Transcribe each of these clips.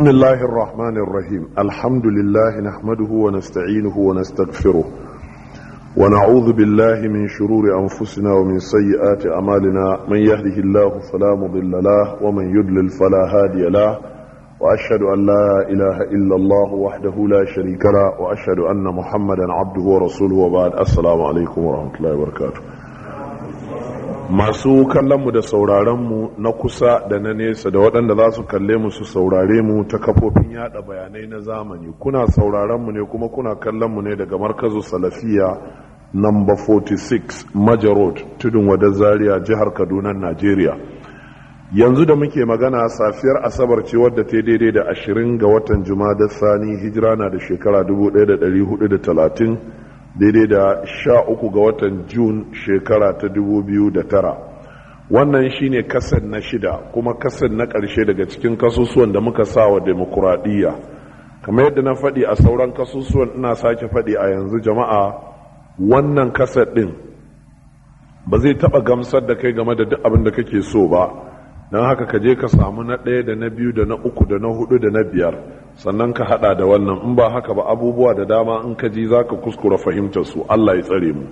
بسم الله الرحمن الرحيم الحمد لله نحمده ونستعينه ونستغفره ونعوذ بالله من شرور أنفسنا ومن سيئات أمالنا من يهده الله فلا مضل له ومن يدلل فلا هادي له وأشهد أن لا إله إلا الله وحده لا شريك له وأشهد أن محمدا عبده ورسوله وبعد السلام عليكم ورحمة الله وبركاته masu kallon mu da mu na kusa da na nesa da waɗanda za su kalle mu su saurare mu ta kafofin yada bayanai na zamani kuna sauraronmu ne kuma kuna mu ne daga markazu salafiya number 46 road tudun wada zaria jihar kaduna nigeria yanzu da muke magana safiyar asabar ce wadda ta daidai da 20 ga watan juma'a da sani hijira na da shekara 1430 daidai da sha uku ga watan Jun shekara ta dubu biyu da tara wannan shine kasan na shida kuma kasan na ƙarshe daga cikin kasusuwan da muka sa wa demokuraɗiyya kamar yadda na faɗi a sauran kasusuwan ina sake faɗi a yanzu jama'a wannan kasar ɗin ba zai taɓa gamsar da kai game da duk abin da kake so ba don haka ka je ka samu na ɗaya da na biyu da na uku da na hudu da na biyar sannan ka hada da wannan in ba haka ba abubuwa da dama in ka ji za ka kuskura fahimtar su Allah ya tsare mu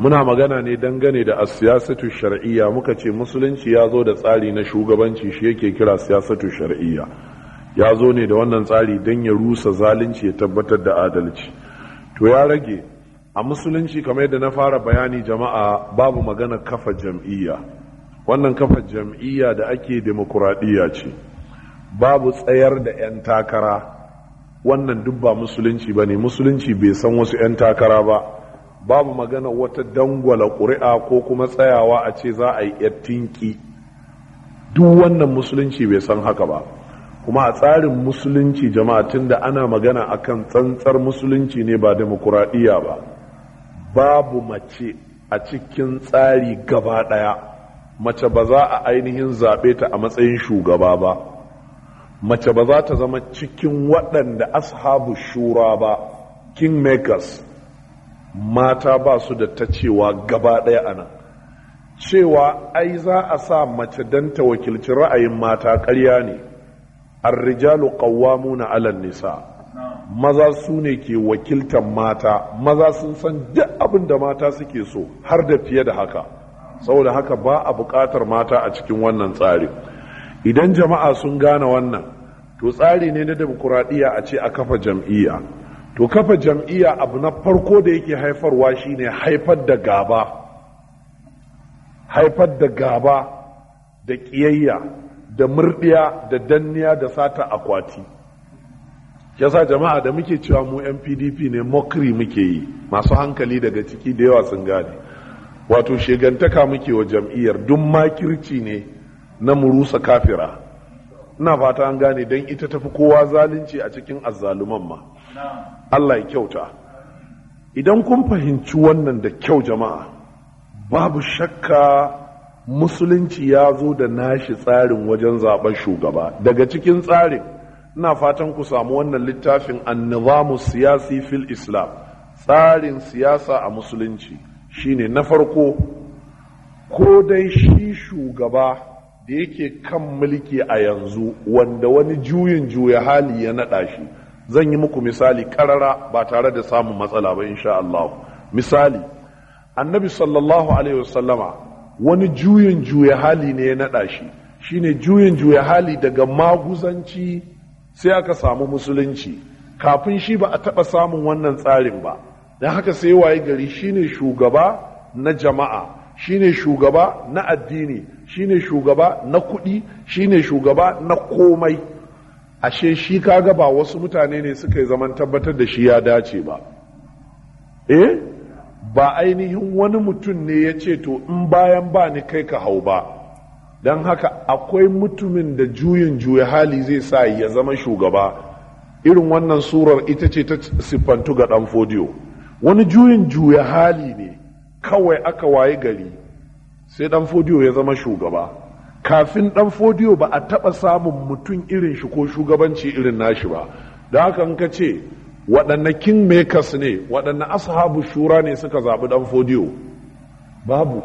muna magana ne dangane da siyasatu shar'iyya muka ce musulunci ya zo da tsari na shugabanci shi yake kira siyasatu shar'iyya ya zo ne da wannan tsari don ya rusa zalunci ya tabbatar da adalci to ya rage a musulunci kamar yadda na fara bayani jama'a babu magana kafa jam'iyya wannan kafa jam'iyya da ake demokuraɗiyya ce babu tsayar da 'yan takara wannan duk ba musulunci ba ne musulunci bai san wasu 'yan takara ba babu magana wata dangwala ƙuri'a ko kuma tsayawa a ce za a yi tinki. duk wannan musulunci bai san haka ba kuma a tsarin musulunci jama'a tunda ana magana a kan tsantsar musulunci ne ba demokuraɗiyya ba babu mace a cikin tsari gaba ɗaya mace ba za a ainihin zaɓe ta a matsayin shugaba ba mace ba za ta zama cikin waɗanda ashabu shura ba kingmakers mata ba su da ta cewa gaba ɗaya a nan cewa ai za a sa mace don ta wakilci ra'ayin mata ƙarya ne arrijalu na 'alan nisa maza su ne ke wakiltar mata maza sun san duk abin da mata suke so har da fiye da haka saboda haka ba a buƙatar mata a cikin wannan tsari idan jama'a sun gane wannan to tsari ne na demokuraɗiyya a ce a kafa jam'iyya to kafa jam'iyya abu na farko da yake haifarwa shi ne haifar da gaba haifar da gaba da ƙiyayya da murɗiya da danniya da sata akwati yasa jama'a da muke cewa mu 'yan pdp ne mokri muke yi masu hankali daga ciki da yawa sun gane wato shegantaka muke wa jam'iyyar duk makirci ne na murusa kafira ina fata an gane don ita tafi kowa zalunci a cikin azzaluman ma Allah ya kyauta idan kun fahimci wannan da kyau jama'a babu shakka musulunci ya zo da nashi tsarin wajen zaben shugaba daga cikin tsarin ina fatan ku samu wannan littafin annizamu siyasi fil islam tsarin siyasa a musulunci shine na farko ko dai shi shugaba da yake kan mulki a yanzu wanda wani juyin juya hali ya naɗa shi zan yi muku misali karara ba tare da samun matsala ba insha Allah misali annabi sallallahu alaihi wasallama wani juyin juya hali ne ya naɗa shi shine juyin juya hali daga maguzanci sai aka samu musulunci kafin shi ba a taɓa samun wannan tsarin ba don haka sai waye gari shine shugaba na jama'a shine shugaba na addini shine shugaba na kuɗi shine shugaba na komai ashe shi kaga ba wasu mutane ne suka yi zaman tabbatar da shi ya dace ba eh ba ainihin wani mutum ne ya ce to in bayan ba ni kai ka hau ba don haka akwai mutumin da juyin juya hali zai sa ya zama shugaba irin wannan surar ita ce ta siffantu ga ɗan fodiyo wani juyin juya hali ne kawai aka waye gari sai dan fodiyo ya zama shugaba kafin dan fodiyo ba a taba samun mutum irin shi ko shugabanci irin nashi ba da haka in ka ce waɗanne makers ne waɗanne ashabu shura ne suka zaɓi dan fodiyo babu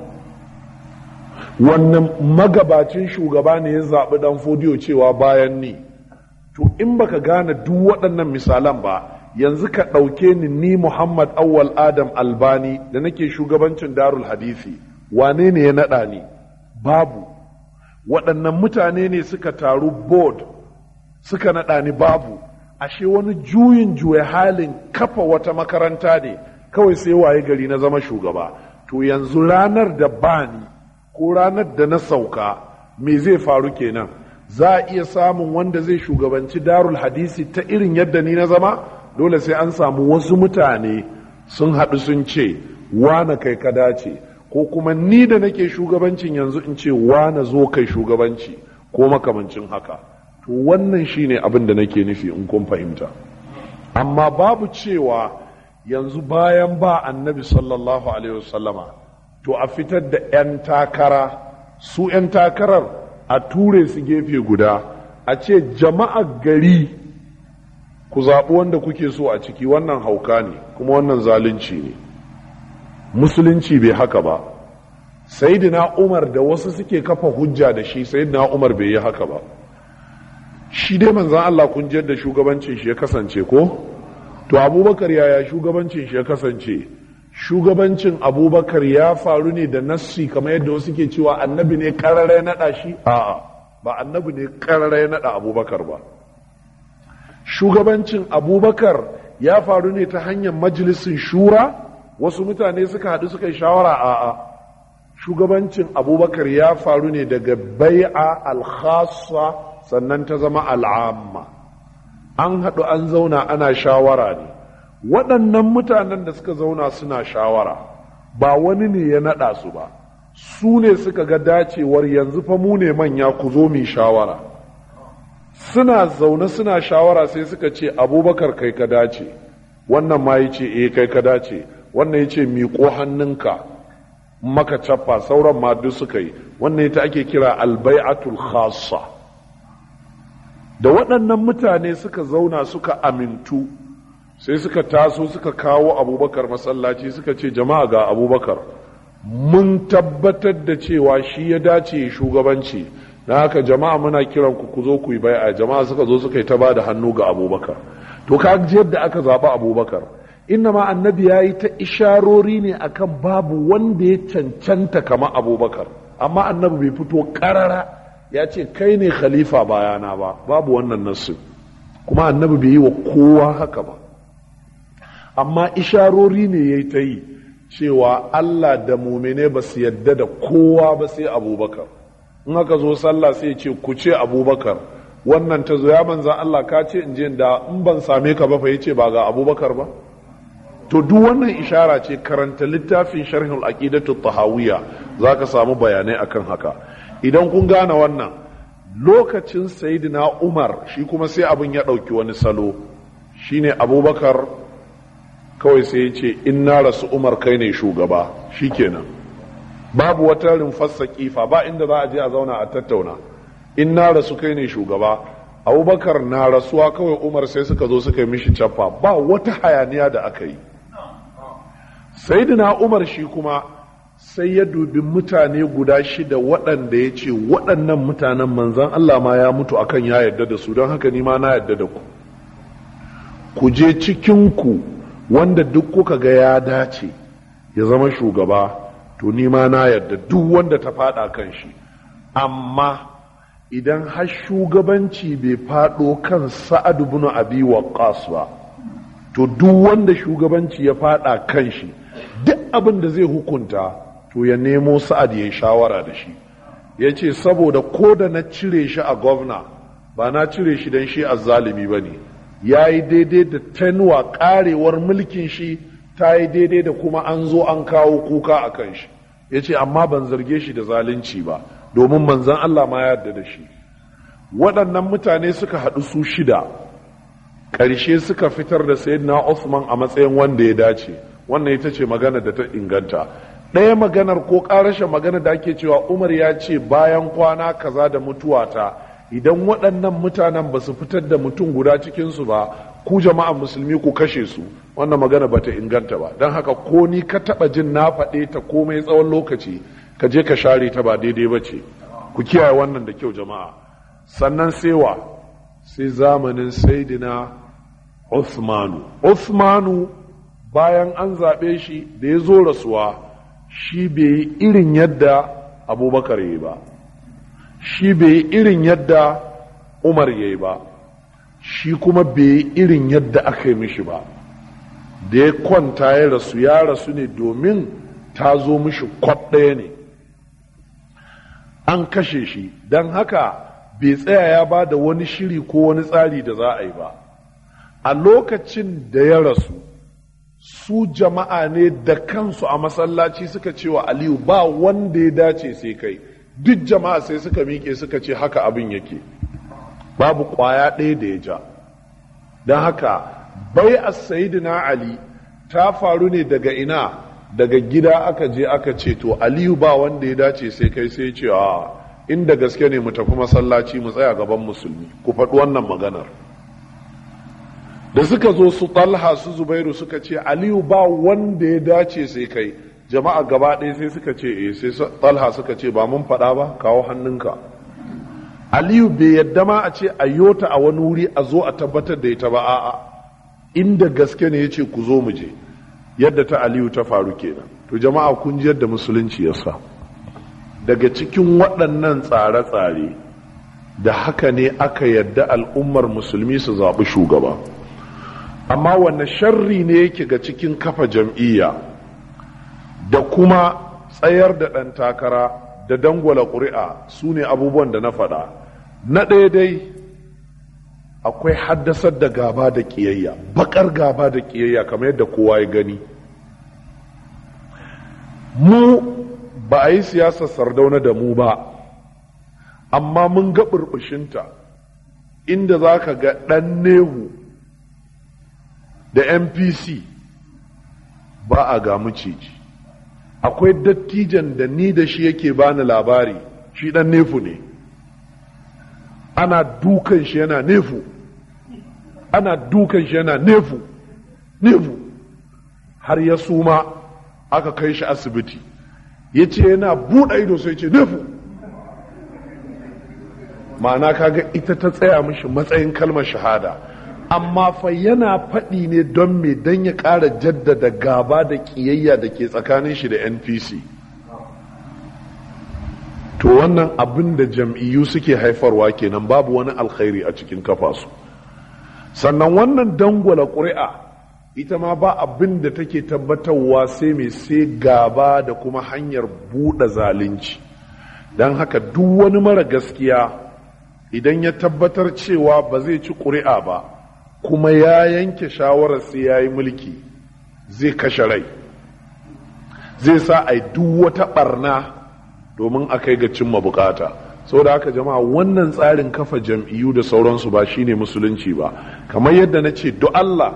wannan magabacin shugaba ne ya zaɓi dan fodiyo cewa bayan ni to in baka gane duk waɗannan misalan ba yanzu ka ɗauke ni ni Muhammad Awwal Adam Albani da nake shugabancin Darul Hadisi wane ne ya naɗa ni babu waɗannan mutane ne suka taru board suka naɗa ni babu ashe wani juyin juya halin kafa wata makaranta ne kawai sai waye gari na zama shugaba to yanzu ranar da bani ko ranar da na sauka me zai faru kenan za a iya samun wanda zai shugabanci darul hadisi ta irin yadda ni na zama dole sai an samu wasu mutane sun haɗu sun ce wane kai ka dace ko kuma ni da nake shugabancin yanzu in ce wane zo kai shugabanci ko makamancin haka to wannan shine abin da nake nufi in kun fahimta amma babu cewa yanzu bayan ba annabi sallallahu alaihi wasallama to a fitar da 'yan takara su 'yan takarar a ture su gefe guda a ce jama'ar gari ku zaɓi wanda kuke so a ciki wannan hauka ne kuma wannan zalunci ne musulunci bai haka ba sayyidina umar da wasu suke kafa hujja da shi sayyidina umar bai yi haka ba shi dai manzan Allah kun jiyar da shugabancin shi ya kasance ko to abubakar yaya shugabancin shi ya kasance shugabancin abubakar ya faru ne da nassi kamar yadda wasu ke cewa annabi ne kararai ya naɗa shi a'a ba annabi ne karara ya naɗa abubakar ba shugabancin abubakar ya faru ne ta hanyar majalisin shura wasu mutane suka haɗu suka yi shawara a'a shugabancin abubakar ya faru ne daga bai'a alhassa sannan ta zama al'amma an haɗu an zauna ana shawara ne waɗannan mutanen da suka zauna suna shawara ba wani ne ya naɗa su ba su ne suka ga dacewar yanzu fa mu ne manya ku zo mu shawara suna zaune suna shawara sai suka ce abubakar kai ka dace wannan ma ya ce eh kai ka dace wannan ya ce miƙo hannunka maka cappa sauran ma duk suka yi wannan ita ake kira albai'atul khassa da waɗannan mutane suka zauna suka amintu sai suka taso suka kawo abubakar masallaci suka ce jama'a ga abubakar mun tabbatar da cewa shi ya dace shugabanci da haka jama'a muna kiran ku ku zo ku yi bai'a jama'a suka zo suka yi ta bada hannu ga abubakar to ka ji yadda aka zaɓi abubakar inna ma annabi ya yi ta isharori ne akan babu wanda ya cancanta kama abubakar amma annabi bai fito karara ya ce kai ne khalifa bayana ba babu wannan nasu kuma annabi bai yi wa kowa haka ba amma isharori ne ya yi ta yi cewa allah da mumine ba su yadda da kowa ba sai abubakar in aka zo sallah sai ya ce ku ce abubakar wannan ta zo ya manzan Allah ka ce in je da in ban same ka ba fa ce ba ga abubakar ba to duk wannan ishara ce karanta littafin sharhul aqidatu tahawiyya zaka samu bayanai akan haka idan kun gane wannan lokacin sayyidina Umar shi kuma sai abin ya ɗauki wani salo shine Abubakar kawai sai ya ce inna rasu Umar kai ne shugaba shikenan babu wata rumfarsa kifa ba inda za a je a zauna a tattauna in na rasu kai ne shugaba abubakar na rasuwa kawai umar sai suka zo suka yi mishi caffa ba wata hayaniya da aka yi Sai na umar shi kuma sai ya dubi mutane guda shida waɗanda ya ce waɗannan mutanen manzan Allah ma ya mutu akan ya yadda da su don haka ni ma na yadda da ku ku je cikinku wanda duk kuka ga ya dace ya zama shugaba to ni ma na yarda duk wanda ta fada kan shi amma idan har shugabanci bai fado kan sa'ad ibn abi waqqas ba to duk wanda shugabanci ya fada kan shi duk abin da zai hukunta to ya nemo sa'ad ya shawara da shi ya ce saboda ko da na cire shi a gwamna ba na cire shi dan shi a bane ba ne ya daidai da tenuwa karewar mulkin shi ta yi daidai da kuma an zo an kawo kuka a kan shi ya ce amma ban zarge shi da zalunci ba domin manzan Allah ma yadda da shi waɗannan mutane suka haɗu su shida ƙarshe suka fitar da sayyidina Osman a matsayin wanda ya dace wannan ita ce magana da ta inganta ɗaya maganar ko ƙarashe magana da ake cewa Umar ya ce bayan kwana kaza da mutuwata idan waɗannan mutanen ba su fitar da mutum guda cikinsu ba ku jama'an musulmi ku kashe su wannan magana bata inganta ba don haka ko ni ka taba jin na faɗe ta komai tsawon lokaci ka je ka share ta ba daidai ba ce ku kiyaye wannan da kyau jama'a sannan wa sai zamanin saidina Uthmanu Uthmanu bayan an zaɓe shi da ya zo rasuwa shi bai yi irin yadda abubakar ya yi ba shi bai yi irin yadda umar ya yi ba shi kuma bai yi irin yadda aka yi mishi ba da ya kwanta ya rasu ya rasu ne domin ta zo mishi kwaɗaya ne an kashe shi don haka bai tsaya ya ba da wani shiri ko wani tsari da za a yi ba a lokacin da ya rasu su jama'a ne da kansu a masallaci suka ce wa aliyu ba wanda ya dace sai kai duk jama'a sai suka miƙe suka ce haka abin yake babu ƙwaya ɗaya da ya ja don haka bai a sayidina ali ta faru ne daga ina daga gida aka je aka ce to aliyu ba wanda ya dace sai kai sai ce a inda gaske ne mu tafi masallaci mu tsaya gaban musulmi ku faɗi wannan maganar da suka zo su talha su zubairu suka ce aliyu ba wanda ya dace sai kai jama'a gaba ɗaya sai suka ce eh sai talha suka ce ba mun faɗa ba kawo hannunka aliyu bai yadda ma a ce a yota a wani wuri a zo a tabbatar da ita ba a'a inda gaske ne ya ce ku zo mu je yadda ta aliyu ta faru kenan to jama'a kun ji yadda musulunci ya sa daga cikin waɗannan tsare-tsare da haka ne aka yadda al'ummar musulmi su zaɓi shugaba amma wanne sharri ne yake ga cikin kafa jam'iyya da kuma tsayar da ɗan takara da dangwala ƙuri'a su ne abubuwan da na faɗa na ɗaya dai akwai haddasar da gaba da kiyayya bakar gaba da kiyayya kamar yadda kowa ya gani mu ba a yi siyasar sardauna da mu ba amma mun ga burbushinta inda za ka ga ɗan nehu da MPC, ba a ga maciji akwai dattijan da ni da shi yake bani labari shi ɗan nefu ne ana dukan shi yana nefu ana dukan shi yana nefu nefu har ya suma aka kai shi asibiti ya ce yana buɗe ido sai ce nefu ma'ana kaga ita ta tsaya mishi matsayin kalmar shahada amma fa yana faɗi ne don me don ya ƙara jaddada gaba da ƙiyayya da ke tsakanin shi da npc to wannan abin da jam'iyyu suke haifarwa kenan babu wani alkhairi a cikin kafasu. sannan wannan dangwala ƙuri'a ita ma ba abin da take tabbatarwa sai mai sai gaba da kuma hanyar buɗe zalunci don haka duk wani mara gaskiya idan ya tabbatar cewa ba zai ci ƙuri'a ba kuma ya yanke shawarar sai ya yi mulki zai kashe rai zai sa a duk wata ɓarna domin a kai ga cimma bukata da haka jama'a wannan tsarin kafa jam'iyyu da sauransu ba shine musulunci ba kamar yadda na ce do Allah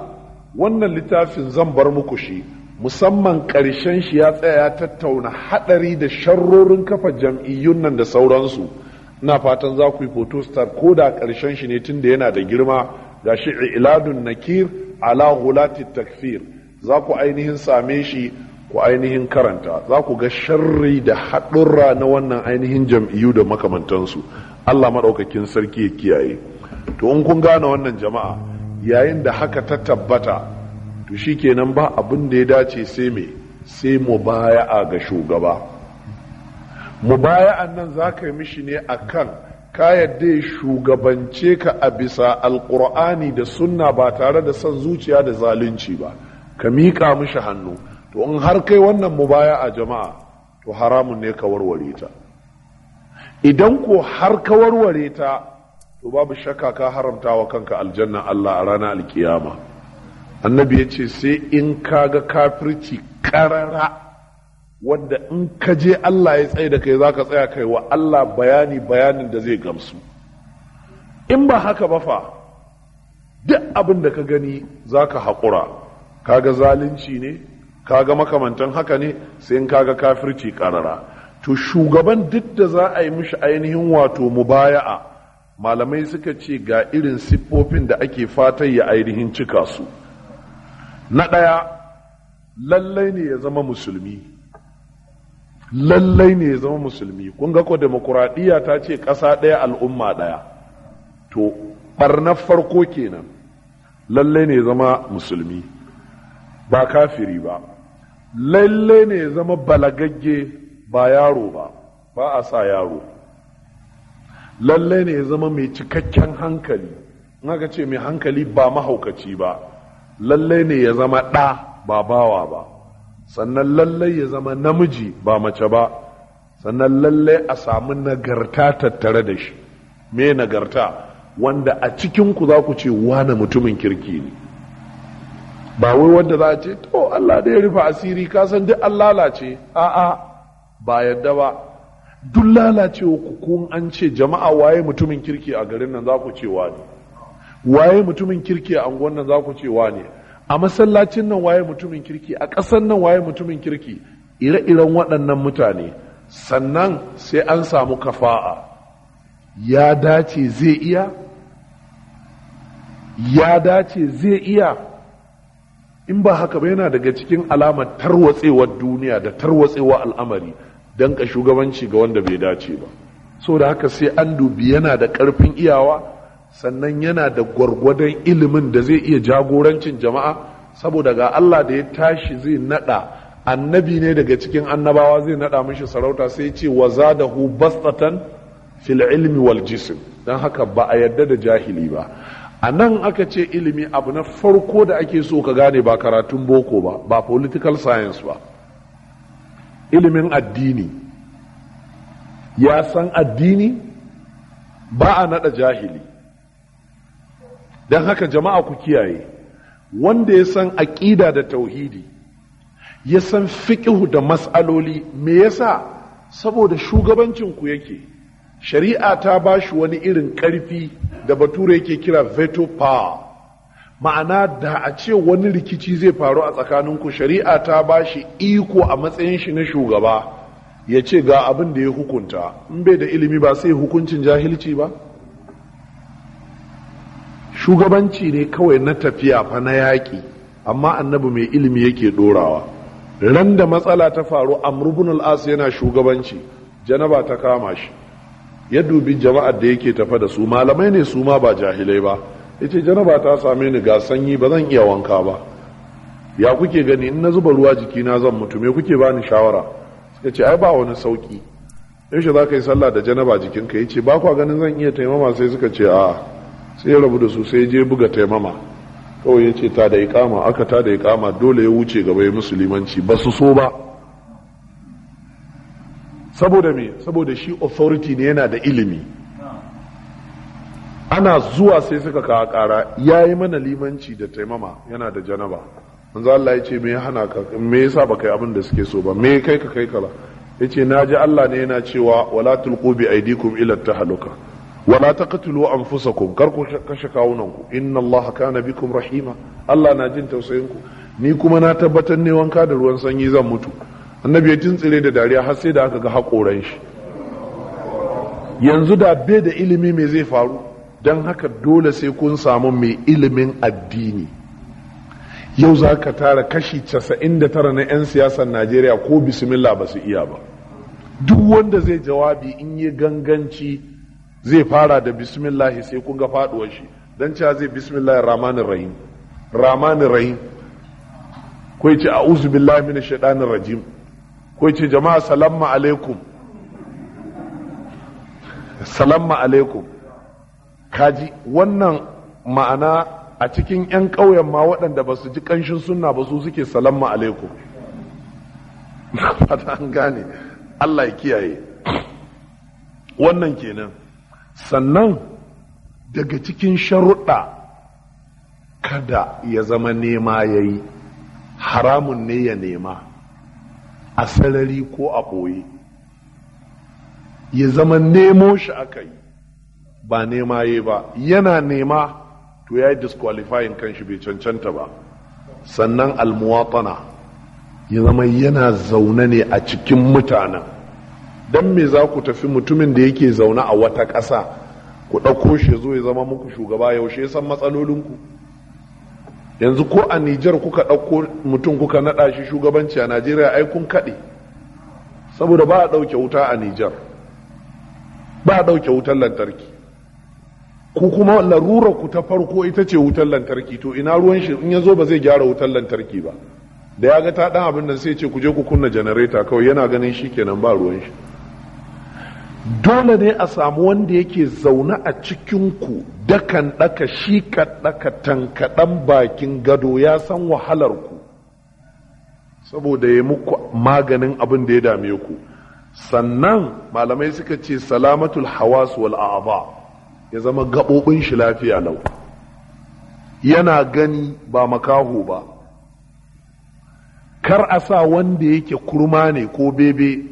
wannan littafin zan bar muku shi musamman ƙarshen shi ya tsaya ya tattauna haɗari da sharrorin kafa jam'iyyun nan da sauransu ina fatan za ku yi star ko da ƙarshen shi ne tunda yana da girma ga shi iladun nakir ala hulati takfir za ku ainihin same shi ku ainihin karanta za ku ga sharri da haɗurra na wannan ainihin jam'iyyu da makamantansu Allah maɗaukakin sarki ya kiyaye. to in kun gane wannan jama'a yayin da haka ta tabbata to shi kenan ba abin da ya dace sai me sai a ga shugaba mubaya'an nan zaka yi mishi ne akan ka yadda ya shugabance ka a bisa alkur'ani da sunna ba tare da son zuciya da zalunci ba ka miƙa mishi hannu to in har kai wannan mu baya a jama'a to haramun ne ka warware ta idan ko har ka warware ta to babu shakka ka haramta wa kanka aljanna Allah a ranar alkiyama annabi ya ce sai in ka ga kafirci karara wanda in ka je Allah ya tsaye da kai za ka tsaya kai wa Allah bayani bayanin da zai gamsu in ba haka ba fa duk abin da ka gani za ka haƙura Ka ga zalunci ne ka ga makamantan haka ne sai in ka kaga kafirci karara to shugaban duk da za a yi mishi ainihin wato mubaya'a malamai suka ce ga irin siffofin da ake fatan ya ainihin cika su na ɗaya lallai ne ya zama musulmi lallai ne ya zama musulmi kun ga ko demokuraɗiyya ta ce ƙasa ɗaya al'umma ɗaya to ɓarnar farko kenan lallai ne ya zama musulmi ba kafiri ba lallai ne ya zama balagagge ba yaro ba ba a sa yaro lallai ne ya zama mai cikakken hankali naka ce mai hankali ba mahaukaci ba lallai ne ya zama ɗa ba bawa ba sannan lallai ya zama namiji ba mace ba sannan lallai a samu nagarta tattare da shi me nagarta wanda a cikinku za ku ce wane mutumin kirki ne ba wai wanda za a ce to Allah da ya rufe asiri kasan duk an lalace a'a ba yadda ba duk lalacewa ku kun an ce jama'a waye mutumin kirki a garin nan za ku ce wani waye mutumin kirki a anguwan nan za ku ce wani a masallacin nan waye mutumin kirki a ƙasan nan waye mutumin kirki ire-iren waɗannan mutane sannan sai an samu kafa'a ya dace zai iya ya dace zai iya in ba haka ba yana daga cikin alamar tarwatsewar duniya da tarwatsewar al'amari ka shugabanci ga wanda bai dace ba so da haka sai an dubi yana da ƙarfin iyawa sannan yana da gwargwadon ilimin da zai iya jagorancin jama'a saboda ga Allah da ya tashi zai naɗa annabi ne daga cikin annabawa zai naɗa mishi sarauta sai ce wa hu bastatan fil ilmi wal jism dan haka ba a yadda da jahili ba a nan aka ce ilimi abu na farko da ake so ka gane ba karatun boko ba ba political science ba ilimin addini ya san addini ba a nada jahili don haka jama'a ku kiyaye wanda ya san aƙida da tauhidi ya san fiƙihu da matsaloli me yasa saboda shugabancinku yake shari'a ta ba shi wani irin ƙarfi da bature yake kira veto power ma'ana da a ce wani rikici zai faru a tsakaninku shari'a ta ba shi iko a matsayin shi na shugaba ya ce ga abin da ya hukunta in bai da ilimi ba sai hukuncin jahilci ba shugabanci ne kawai na tafiya fa na yaƙi amma annabi mai ilimi yake ɗorawa ran da matsala ta faru amrubun al'as yana shugabanci janaba ta kama shi ya dubi jama'ar da yake tafa da su malamai ne su ma ba jahilai ba Yace ce janaba ta same ni ga sanyi ba zan iya wanka ba ya kuke gani in na zuba ruwa jikina zan mutu me kuke bani shawara suka ce ai ba wani sauki yaushe za ka yi sallah da janaba jikinka ya ce ba kwa ganin zan iya taimama sai suka ce a sai ya rabu da su sai je buga taimama kawai ya ce ta da ikama aka ta da ikama dole ya wuce gaba ya musulmanci ba su so ba saboda me saboda shi authority ne yana da ilimi ana zuwa sai suka kawo ƙara ya yi mana limanci da taimama yana da janaba manzo Allah ya ce me hana ka me yasa ba kai abin da suke so ba me kai ka kai kala yace na ji Allah ne yana cewa wala tulqu bi aidikum ila tahaluka wala taqtulu anfusakum kar ku kashe kawunan ku inna Allah kana bikum rahima Allah na jin tausayin ku ni kuma na tabbatar ne wanka da ruwan sanyi zan mutu annabi ya tuntsire da dariya har sai da aka ga hakoran shi yanzu da bai da ilimi me zai faru don haka dole sai kun samu mai ilimin addini yau za ka tara kashi 99 na 'yan siyasar najeriya ko bismillah ba su iya ba duk wanda zai jawabi in yi ganganci zai fara da bismillah sai kun ga faduwar shi don cewa zai bismillah ramanin rahim ramanin rahim ko ce a billahi min shaɗanin rajim ko ce jama'a salamma alaikum salamma alaikum kaji wannan ma'ana a cikin 'yan ƙauyen ma waɗanda ba su ji ƙanshin sunna ba su suke salamu alaikum fata an gane Allah ya kiyaye wannan kenan sannan daga cikin sharuɗa kada ya zama nema ya yi haramun ne ya nema a sarari ko a ɓoye ya zama nemo shi aka yi ba nema yi ba yana nema to ya yi disqualifying kanshi bai cancanta ba sannan almuwatana ya zama yana zaune ne a cikin mutanen don me za ku tafi mutumin da yake zaune a wata ƙasa ku ɗauko shi zo ya zama muku shugaba yaushe san matsalolinku yanzu ko a nijar kuka ɗauko mutum kuka naɗa shi shugabanci a najeriya ai kun kaɗe saboda ba a ɗauke wuta a nijar ba a ɗauke wutar lantarki ku kuma larurar ku ta farko ita ce wutar lantarki to ina ruwan shi in yazo ba zai gyara wutar lantarki ba da ya ga ta dan abin nan sai ce ku je ku kunna janareta kawai yana ganin shi kenan ba ruwan shi dole ne a samu wanda yake zaune a cikin ku dakan daka shi daka tankaɗan bakin gado ya san wahalar ku saboda ya muku maganin abin da ya dame ku sannan malamai suka ce salamatul hawas wal a'dha ya zama gaɓoɓin shi lafiya lau yana gani ba makaho ba kar a sa wanda yake kurma ne ko bebe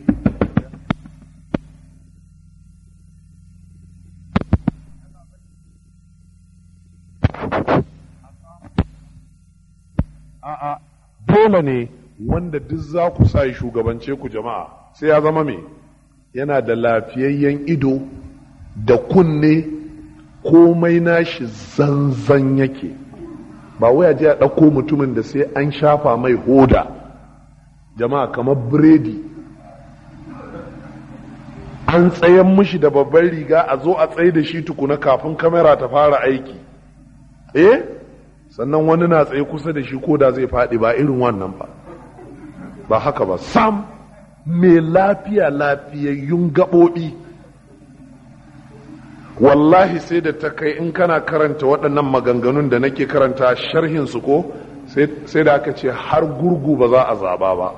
a'a dole ne wanda duk za ku sa shugabance ku jama'a sai ya zama mai. yana da lafiyayyen ido da kunne komai nashi zanzan yake ba waya je a ɗauko mutumin da sai an shafa mai hoda jama'a kamar biredi an tsayan mushi da babban riga a zo a tsaye da shi tukuna kafin kamera ta fara aiki eh sannan wani na tsaye kusa da shi ko da zai faɗi ba irin wannan ba ba haka ba sam mai lafiya lafiyayyun gaɓoɓi wallahi sai da ta kai in kana karanta waɗannan maganganun da nake karanta sharhin su ko sai da aka ce har gurgu ba za a zaba ba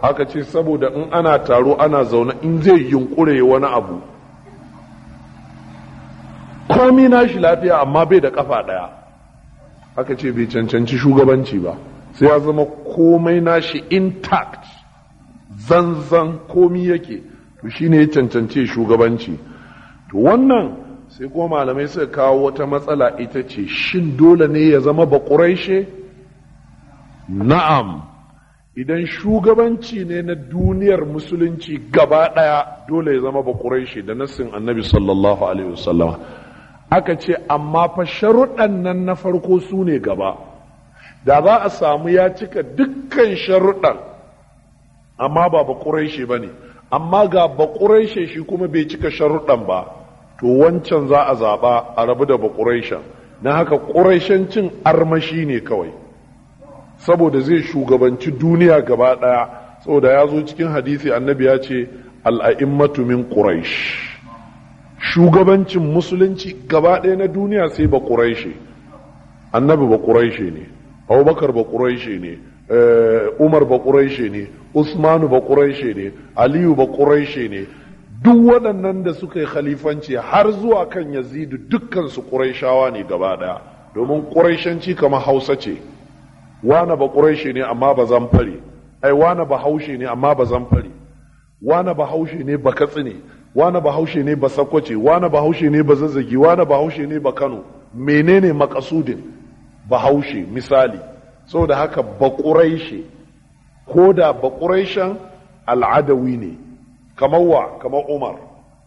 aka ce saboda in ana taro ana zaune in zai yunkure wani abu komi nashi lafiya amma bai da kafa ɗaya aka ce bai cancanci shugabanci ba sai ya zama komai nashi intact zanzan komi yake to shine ya cancanci shugabanci to wannan sai kuma malamai suka kawo wata matsala ita ce shin dole ne ya zama ba na'am idan shugabanci ne na duniyar musulunci gaba ɗaya dole ya zama ba ƙuraishe da nassin annabi sallallahu alaihi wasallama aka ce amma fa sharuɗan nan na farko su ne gaba da za a samu ya cika dukkan sharuɗan amma ba ba ƙuraishe ba ne amma ga ba shi kuma bai cika sharuɗan ba to wancan za a zaɓa a rabu da bakuraishan na haka cin armashi ne kawai saboda zai shugabanci duniya gaba ɗaya saboda ya zo cikin hadisi annabi ya ce al'a'immatu min ƙuraish shugabancin musulunci gaba ɗaya na duniya sai ba ƙuraishe annabi ba ƙuraishe ne abubakar ba ƙuraishe ne eh, umar ba ƙuraishe ne usmanu ba ƙuraishe ne aliyu ba ƙuraishe ne duk waɗannan da suka yi khalifanci har zuwa kan yazidu su ƙuraishawa ne gaba ɗaya domin ƙuraishanci kamar hausa ce wane ba ƙuraishi ne amma ba zan fare ai wane ba haushe ne amma ba zan fare wane ba haushe ne ba katsi ne wane ba haushe ne ba sakwace wane ba haushe ne ba zazzagi wane ba haushe ne ba kano menene makasudin ba haushe misali saboda haka ba ƙuraishi ko da ba ƙuraishan al'adawi ne kamar wa kamar umar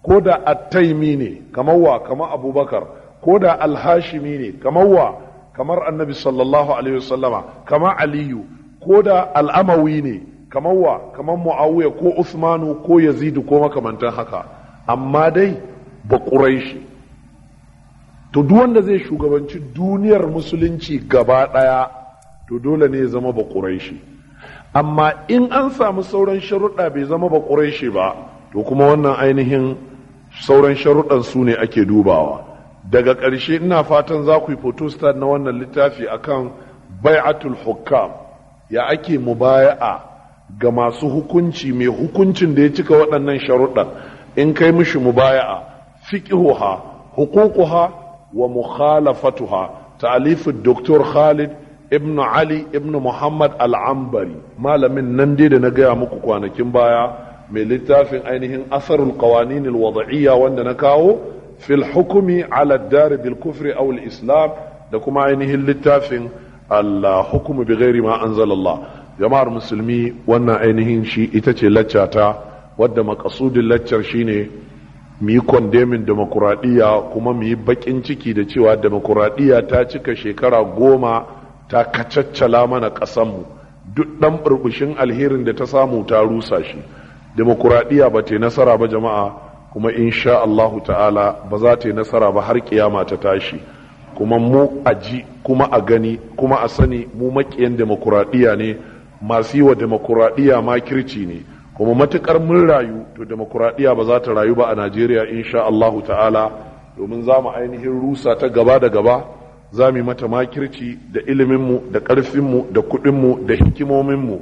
ko da attaimi ne kamar wa kamar abubakar ko da alhashimi ne kamar wa kamar annabi sallallahu alaihi wasallama kamar aliyu ko da al'amawi ne kamar wa kamar muawiya ko usmanu ko yazidu ko makamantan haka amma dai ba ƙuraishi to duk wanda zai shugabanci duniyar musulunci gaba ɗaya to dole ne ya zama ba ƙuraishi amma in an samu sauran sharuɗa bai zama ba shi ba to kuma wannan ainihin sauran sharuɗan su ne ake dubawa daga ƙarshe ina fatan za ku yi photostat na wannan littafi a akan bai'atul hukam ya ake mubaya'a ga masu hukunci mai hukuncin da ya cika waɗannan sharuɗan in kai mishi mubaya'a fiqihuha hukukuha, wa mukhalafatuha ta'alifin doktor Khalid ibn ali ibn muhammad al'ambari malamin nan dai da na gaya muku kwanakin baya mai littafin ainihin asarul qawanin al-wada'iyya wanda na kawo fil hukumi ala dar bil kufri aw islam da kuma ainihin littafin al hukumu bi ghairi ma anzalallah jama'ar musulmi wannan ainihin shi ita ce lacca ta wadda makasudin laccar shine mu yi kondemin demokuraɗiyya kuma mu yi baƙin ciki da cewa demokuraɗiyya ta cika shekara goma ta kacaccala mana ƙasanmu duk ɗan burbushin alherin da ta samu ta rusa shi demokuraɗiyya ba ta nasara ba jama'a kuma insha Allahu ta'ala ba za ta nasara ba har kiyama ta tashi kuma mu a ji kuma a gani kuma a sani mu maƙiyan demokuraɗiyya ne masu yi wa demokuraɗiyya kirci ne kuma matukar mun rayu to demokuraɗiyya ba za ta rayu ba a najeriya insha Allahu ta'ala domin za mu ainihin rusa ta gaba da gaba za mu yi mata makirci da iliminmu da ƙarfinmu da kuɗinmu da hikimominmu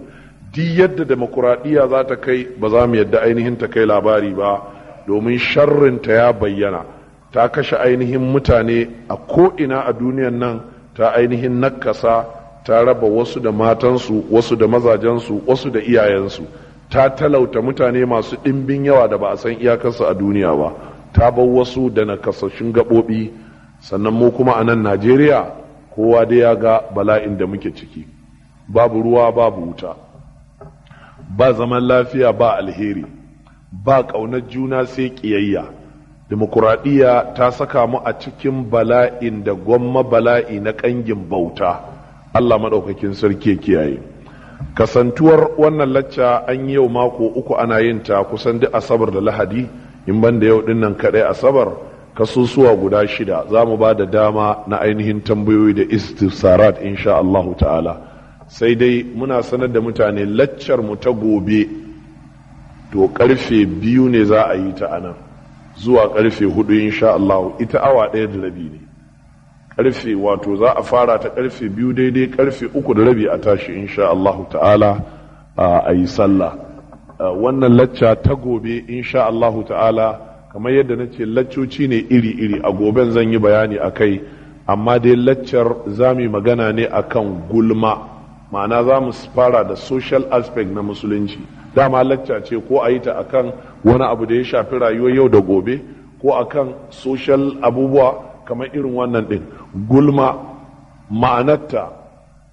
duk yadda demokuraɗiyya za ta kai ba za mu yadda ainihin ta kai labari ba domin sharrinta ya bayyana ta kashe ainihin mutane a ko'ina a duniyan nan ta ainihin nakasa ta raba wasu da matansu wasu da mazajensu wasu da iyayensu ta talauta mutane masu ɗimbin yawa da ba a san iyakarsu a duniya ba ta bar wasu da nakasassun gaɓoɓi sannan mu kuma a nan najeriya kowa dai ya ga bala'in da muke ciki babu ruwa babu wuta ba zaman lafiya ba alheri ba ƙaunar juna sai ƙiyayya demokuraɗiyya ta saka mu a cikin bala'in da gwamma bala'i na ƙangin bauta allah maɗaukakin sarki kiyaye kasantuwar wannan lacca an yi yau mako uku ana yin ta kusan duk asabar da lahadi in ban da yau ɗin nan kaɗai asabar kasusuwa guda shida za mu ba da dama na ainihin tambayoyi da istisarat insha Allah ta'ala sai dai muna sanar da mutane laccar mu ta gobe to karfe biyu ne za a yi ta anan zuwa karfe hudu insha Allah. ita awa ɗaya da rabi ne karfe wato za a fara ta karfe biyu daidai karfe uku da rabi a tashi insha Allah ta'ala a yi sallah wannan lacca ta gobe insha Allah ta'ala kamar yadda na ce laccoci ne iri-iri a goben zan yi bayani a kai amma dai laccar za mu magana ne a kan gulma ma'ana za mu fara da social aspect na musulunci dama lacca ce ko a yi ta a kan wani abu da ya shafi rayuwa yau da gobe ko a kan social abubuwa kamar irin wannan ɗin gulma ma'anarta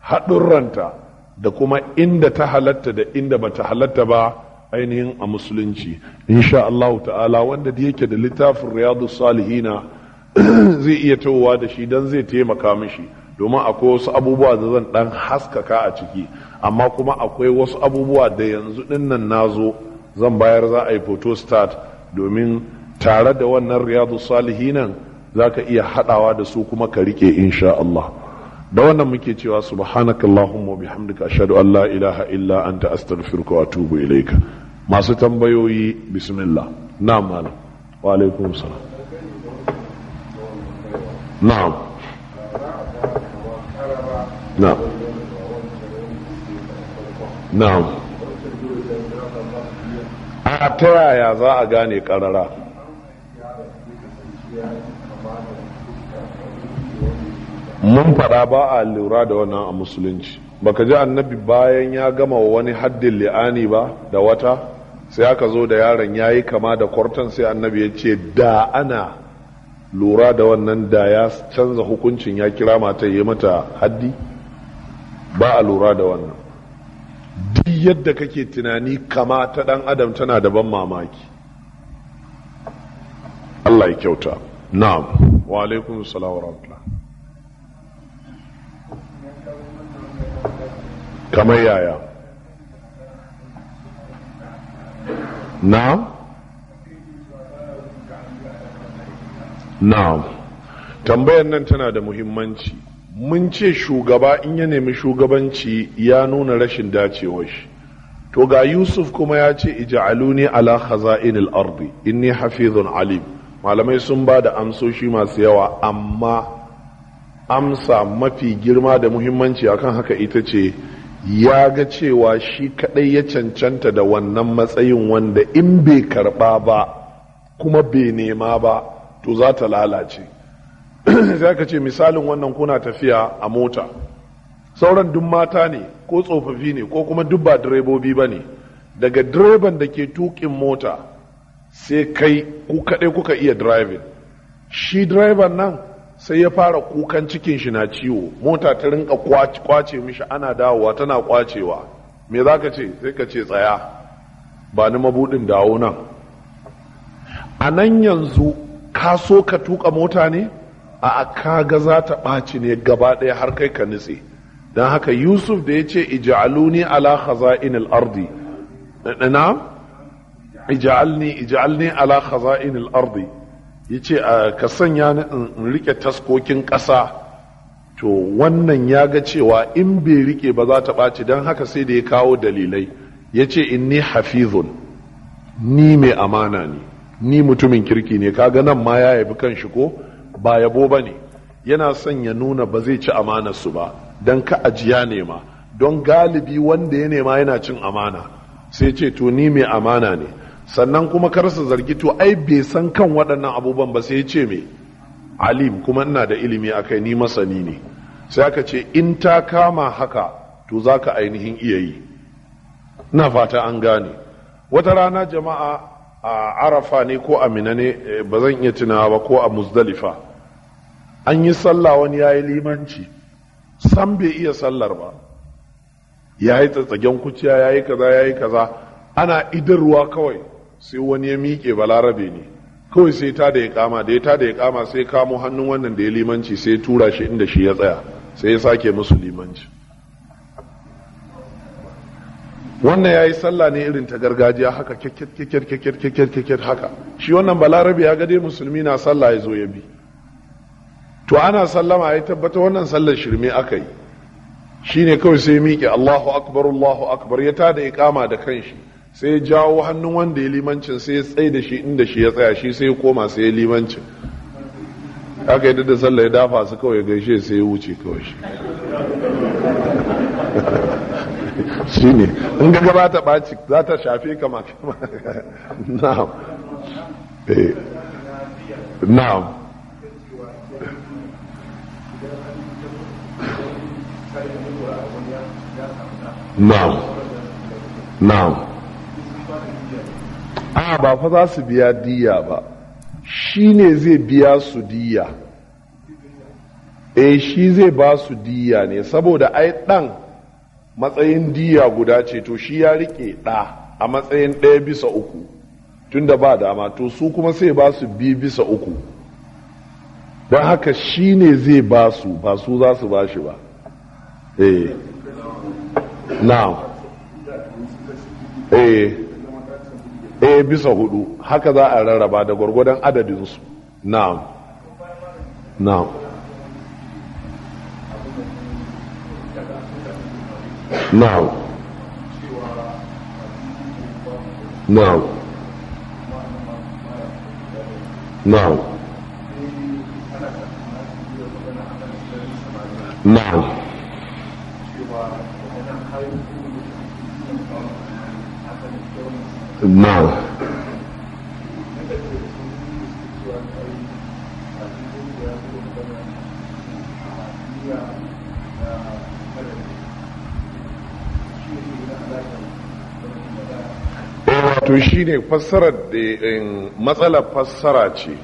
haɗurranta da kuma inda ta halatta da inda ba ta halatta ba ainihin a musulunci insha Allah ta'ala wanda da yake da littafin riyadu salihina zai iya tawowa da shi don zai taimaka mishi domin akwai wasu abubuwa da zan dan haskaka a ciki amma kuma akwai wasu abubuwa da yanzu dinnan nazo zan bayar za a yi photo start domin tare da wannan riyadu salihinan za ka iya haɗawa da su kuma ka rike insha Allah da wannan muke cewa subhanakallahumma wa bihamdika ashhadu an la ilaha illa anta astaghfiruka wa atubu ilayka masu tambayoyi bismillah na malam wa alaikum salam na'am na'am na'am a ta yaya za a gane karara mun faɗa ba a lura da wannan a musulunci baka ji annabi bayan ya gama wani haddin li'ani ba da wata sai aka zo da yaron ya yi kama da kwartan sai annabi ya ce da ana lura da wannan da ya canza hukuncin ya kira mata yi mata haddi ba a lura da wannan duk yadda kake tunani kama ta ɗan adam tana da ban mamaki Allah ya kyauta na'am wa alaikum salam wa rahmatullah kamar yaya na na tambayar nan tana da muhimmanci mun ce shugaba in ya nemi shugabanci ya nuna rashin dacewar shi to ga yusuf kuma ya ce ija ija'aluni ala al ardi inni hafizun alim malamai sun ba da amsoshi masu yawa amma amsa mafi girma da muhimmanci akan haka ita ce ya ga cewa shi kadai ya cancanta da wannan matsayin wanda in bai karba ba kuma bai nema ba to za ta lalace za ka ce misalin wannan kuna tafiya a mota sauran duk mata ne ko tsofaffi ne ko kuma duk ba direbobi ba ne daga direban da ke tukin mota sai kai ku kaɗai kuka iya driving shi driver nan sai ya fara kukan cikin shi na ciwo mota ta rinka kwace mishi ana dawowa tana kwacewa me za ka ce sai ka ce tsaya ba ni mabudin dawo nan a nan yanzu ka so ka tuka mota ne a kaga za ta ɓaci ne gaba ɗaya har kai ka nutse don haka yusuf da ya ce ija'aluni ala khaza'in al'ardi ardi na ija'alni ija'alni ala khaza'in al'ardi ya ce ka sanya ni in rike taskokin ƙasa to wannan ya ga cewa in bai rike ba za ta ɓaci don haka sai da ya kawo dalilai ya ce in ni hafizun ni mai amana ne ni mutumin kirki ne Ka ga nan ma ya yabi kan shi ko ba yabo ba ne yana son ya nuna ba zai ci amanarsu ba don ka ajiya nema don galibi wanda ya nema yana cin amana sai ce to ni mai amana ne sannan kuma kar su zargi to ai bai san kan waɗannan abubuwan ba sai ya ce me alim kuma ina da ilimi a kai ni masani ne sai aka ce in ta kama haka to za ka ainihin iya yi na fata an gane wata rana jama'a a arafa ne ko a mina ne eh, ba zan iya tunawa ba ko a muzdalifa an yi sallah wani ya yi limanci san bai iya sallar ba ya yi tsatsagen kuciya ya yi kaza ya yi kaza ana ruwa kawai sai wani ya miƙe balarabe ne kawai sai ta da ya kama da ya ta da ya kama sai kamo hannun wannan da ya limanci sai ya tura shi inda shi ya tsaya sai ya sake musu limanci wannan ya yi sallah ne irin ta gargajiya haka kyakkyakkyakkyakkyakkyakkyakkyar shi wannan balarabe ya musulmi na sallah ya zo ya bi to ana sallama ya tabbata wannan sallar shirme aka yi shine kawai sai miƙe akbar Allahu ya da kanshi sai ya jawo hannun wanda ya limancin sai ya tsaye da shi inda shi ya tsaya shi sai ya koma sai ya limancin aka yi da sallah ya dafa su kawai gaishe sai ya wuce kawai shi shi ne in ga gaba ta ɓaci za ta shafe kama kama eh. na'am na'am na'am na'am a ba fa za su biya diya ba shi ne zai biya su diya eh shi zai ba su diya ne saboda ai ɗan matsayin diya guda ce to shi ya riƙe ɗa a matsayin ɗaya bisa uku tunda ba dama to su kuma sai ba su bi bisa uku don haka shi ne zai ba su ba su za su ba shi ba eh now eh ɗaya bisa hudu haka za a rarraba da gwargwadon adadinsu na'am na'am na'am na'am na'am na'am now eh, to shi ne fassarar eh, matsalar fassara ce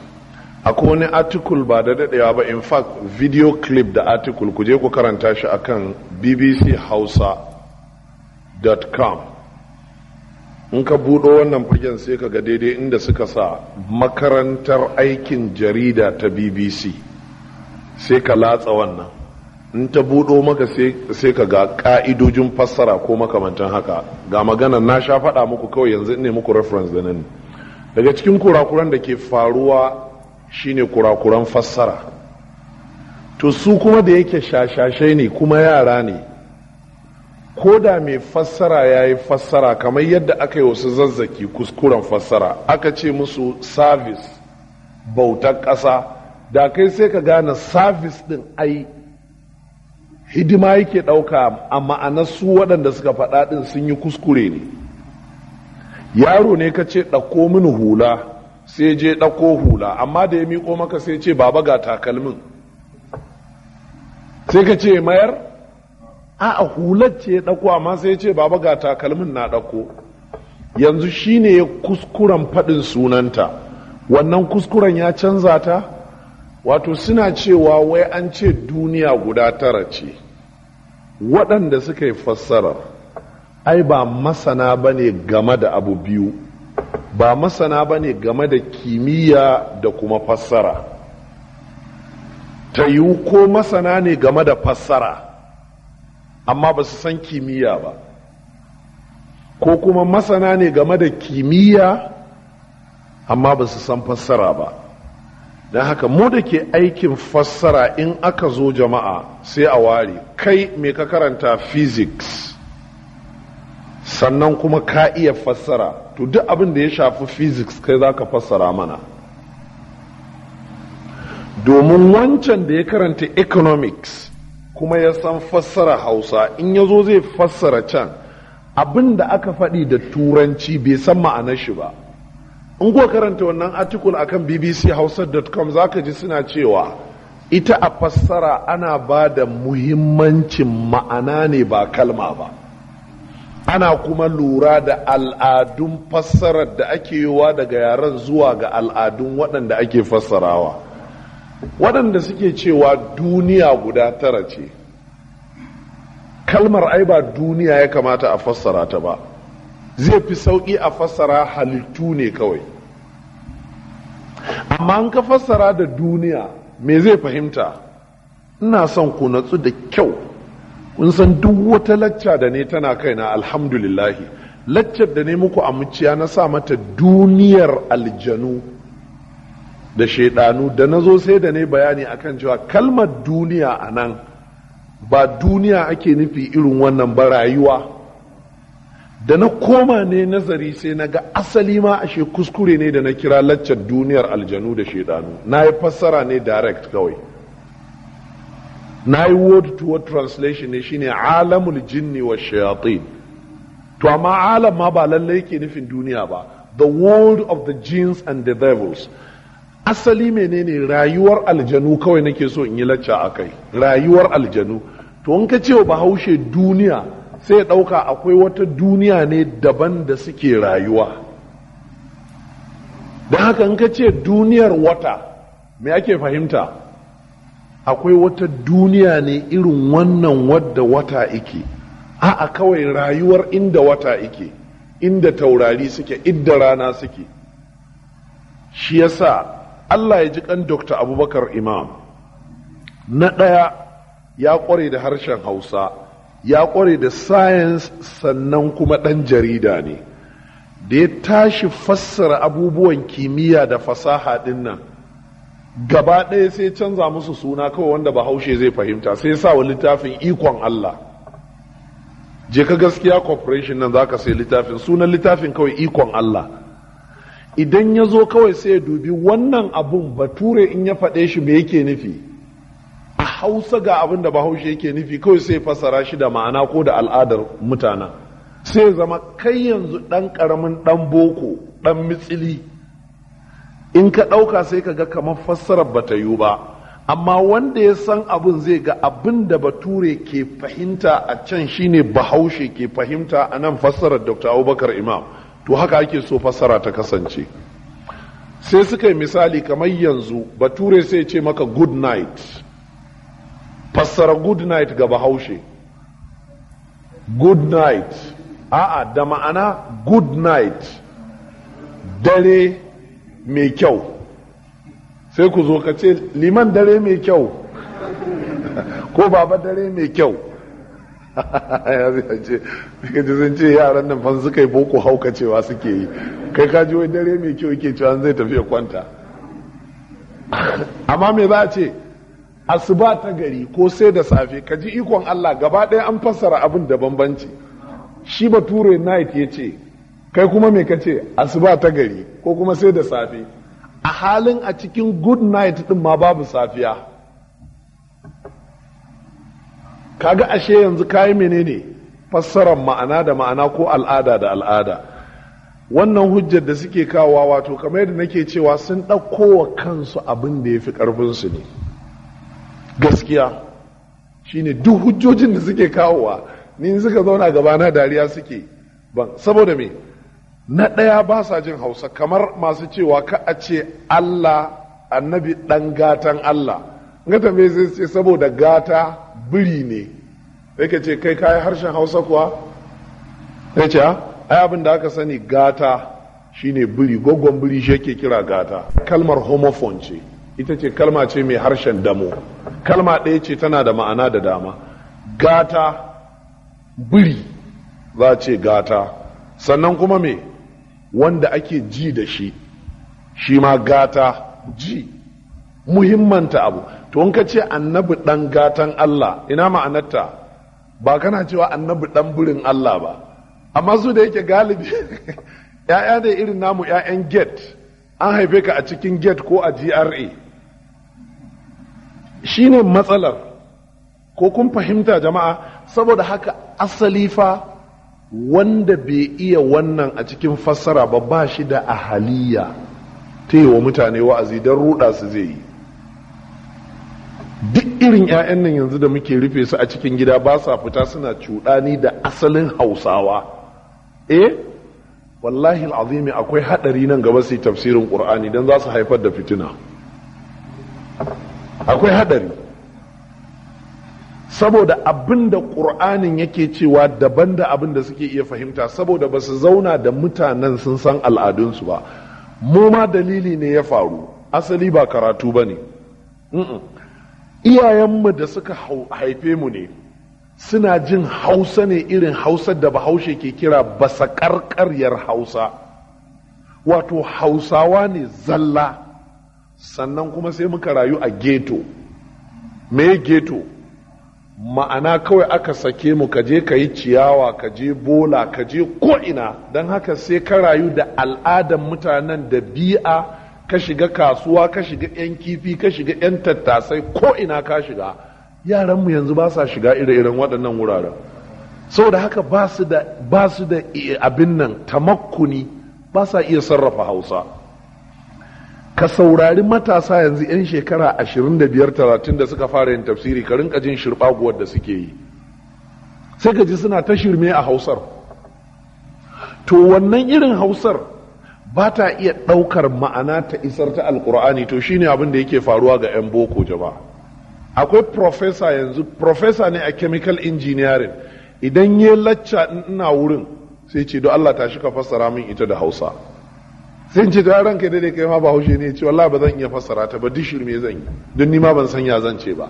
akwai wani article ba da dadewa ba in fact video clip da article ku je ku karanta shi akan bbchausa.com in ka buɗo wannan fagen sai ka ga daidai inda suka sa makarantar aikin jarida ta bbc sai ka latsa wannan in ta buɗo maka sai ka ga ƙa'idojin fassara ko makamantan haka ga magana na sha faɗa muku kawai yanzu ne muku reference da daga cikin kurakuran da ke faruwa shine kurakuran fassara to su kuma da yake shashashai ne kuma yara ne Koda da mai fassara ya yi fassara kamar yadda aka yi wasu zazzaki kuskuren fassara aka ce musu service bautar ƙasa da kai sai ka gane service ɗin ai hidima yake ɗauka a ma'anar su waɗanda suka faɗa ɗin sun yi kuskure ne yaro ne ka ce ɗauko mini hula sai je ɗauko hula amma da ya miƙo maka sai ce baba ga takalmin sai ka ce mayar a'a hular ce ya ɗauko amma sai ya ce baba ga takalmin na ɗauko yanzu shine ya kuskuren faɗin sunanta wannan kuskuren ya canza ta wato suna cewa wai an ce duniya guda tara ce waɗanda suka yi fassarar ai ba masana ba ne game da abu biyu ba masana ba ne game da kimiyya da kuma fassara ta yi ko masana ne game da fassara amma ba su san kimiyya ba ko kuma masana ne game da kimiyya amma ba su san fassara ba don haka mu da ke aikin fassara in aka zo jama'a sai a ware kai mai ka karanta physics sannan kuma ka iya fassara to duk abin da ya shafi physics kai za ka fassara mana domin wancan da ya karanta economics kuma ya san fassara hausa in ya zo zai fassara can abin da aka faɗi da turanci bai san ma'anar shi ba in kuwa karanta wannan article akan bbchausa.com za ka ji suna cewa ita a fassara ana ba da muhimmancin ma'ana ne ba kalma ba ana kuma lura da al'adun fassarar da ake yiwa daga yaren zuwa ga al'adun waɗanda ake fassarawa waɗanda suke cewa duniya guda tara ce kalmar ai ba duniya ya kamata a fassara ta ba zai fi sauƙi a fassara halittu ne kawai amma an ka fassara da duniya me zai fahimta ina son ku natsu da kyau kun san duk wata lacca da ne tana kaina alhamdulillahi laccar da ne muku amuciya na sa mata duniyar aljanu da shaidanu da na zo sai da ne bayani akan cewa kalmar duniya a nan ba duniya ake nufi irin wannan ba rayuwa da na koma ne nazari sai na ga asali ma ashe kuskure ne da na kira laccar duniyar aljanu da shaidanu na yi fassara ne direct kawai na yi word to word translation ne shine alamul jinni wa shayatin to amma alam ma ba lallai ke nufin duniya ba the world of the jinns and the devils asali menene rayuwar aljanu kawai nake so in yi lacca a kai rayuwar aljanu to in ka ce wa bahaushe duniya sai ya ɗauka akwai wata duniya ne daban da suke rayuwa Da haka in ka ce duniyar wata me ake fahimta akwai wata duniya ne irin wannan wadda wata ike a'a kawai rayuwar inda wata ike inda taurari suke idda rana suke shi yasa Allah ya ji kan Dr. Abubakar Imam na ɗaya ya ƙware da harshen Hausa ya ƙware da science sannan kuma ɗan jarida ne da ya tashi fassara abubuwan kimiyya da fasaha ɗin nan gaba ɗaya sai canza musu suna kawai wanda bahaushe zai fahimta sai sa wa littafin ikon Allah je ka gaskiya corporation nan zaka sai littafin sunan littafin kawai ikon Allah idan ya zo kawai sai ya dubi wannan abun bature in ya faɗe shi me yake nufi a hausa ga abin da bahaushe yake nufi kawai sai fasara shi da ma'ana ko da al'adar mutana. sai zama kai yanzu ɗan ƙaramin ɗan boko ɗan mitsili in ka ɗauka sai ka ga kamar fassarar ba ta yiwu ba amma wanda ya san abin zai ga abin da bature ke fahimta a can shine bahaushe ke fahimta a nan fassarar dr abubakar imam to haka ake so fassara ta kasance sai suka yi misali kamar yanzu bature sai ce maka good night fassara good night ga bahaushe good night a'a da ma'ana good night dare mai kyau sai ku zo ka ce liman dare mai kyau ko baba dare mai kyau ya zai ce sun ce yaran nan fan suka yi boko haukacewa suke yi kai ka ji dare mai kyau yake cewa zai tafi ya kwanta amma me za a ce asuba ta gari ko sai da safe ka ji ikon Allah gaba ɗaya an fassara abin da bambanci shi bature night ya ce kai kuma me ka ce asuba ta gari ko kuma sai da safe a halin a cikin good night din ma babu safiya kaga ashe yanzu kayi menene fassarar ma'ana da ma'ana ko al'ada da al'ada wannan hujjar da suke kawowa wato kamar yadda nake cewa sun ɗauko wa kansu abin da ya fi ƙarfinsu ne gaskiya shine duk hujjojin da suke kawowa ni suka zauna gabana dariya suke ban saboda me na ɗaya ba sa jin hausa kamar masu cewa ka a ce allah annabi ɗan gatan allah ga tambaye sai saboda gata biri ne sai ka ce kai kayi harshen hausa kuwa ya ce ai abin da aka sani gata shine biri gwaggon biri shi yake kira gata kalmar homophone ce ita ce kalma ce mai harshen damo kalma ɗaya ce tana da ma'ana da dama gata biri za a ce gata sannan kuma me wanda ake ji da shi shi ma gata ji muhimmanta abu to in ka ce annabi dan gatan Allah ina ma'anarta ba kana cewa annabi dan burin Allah ba amma su da yake galibi ya'ya da irin namu ya'yan gate an haife ka a cikin gate ko a GRA shine matsalar ko kun fahimta jama'a saboda haka asali fa wanda bai iya wannan a cikin fassara ba ba shi da ahaliya ta yi wa mutane wa'azi don ruɗa su zai yi duk irin 'ya'yan nan yanzu da muke rufe su a cikin gida ba sa fita suna cuɗani da asalin hausawa eh wallahi al-azimi, akwai haɗari nan gaba su tafsirin ƙur'ani don za su haifar da fitina akwai haɗari saboda abin da ƙur'anin yake cewa daban da abin da suke iya fahimta saboda ba su zauna da mutanen sun san al'adunsu ba mu ma dalili ne ya faru asali ba karatu ba ne iyayenmu da suka haife mu ne suna jin hausa ne irin hausar da bahaushe ke kira basa karkaryar hausa wato hausawa ne zalla sannan kuma sai muka rayu a geto me geto ma'ana kawai aka sake mu ka je ka yi ciyawa ka je bola ka je ko'ina don haka sai ka rayu da al'adan mutanen da bi'a ka shiga kasuwa ka shiga 'yan kifi ka shiga 'yan tattasai ko ina ka shiga yaranmu yanzu ba sa shiga ire-iren waɗannan wuraren saboda haka ba su da abin nan tamakkuni ba sa iya sarrafa hausa ka saurari matasa yanzu 'yan shekara 25-30 da suka fara yin tafsiri ka rinka jin shirɓaguwar da suke yi sai ka ji suna ta shirme a hausar to wannan irin hausar ba ta iya ɗaukar ma'ana ta isar ta alkur'ani to shine abin da yake faruwa ga 'yan boko jama'a akwai profesa yanzu profesa ne a chemical engineering idan ya lacca ina wurin sai ce don allah tashi ka fassara min ita da hausa sai ce da ranka daidai kai ma bahaushe ne ce wallahi ba zan iya fassara ta ba dishir me zan yi don ni ma ban san ya zan ce ba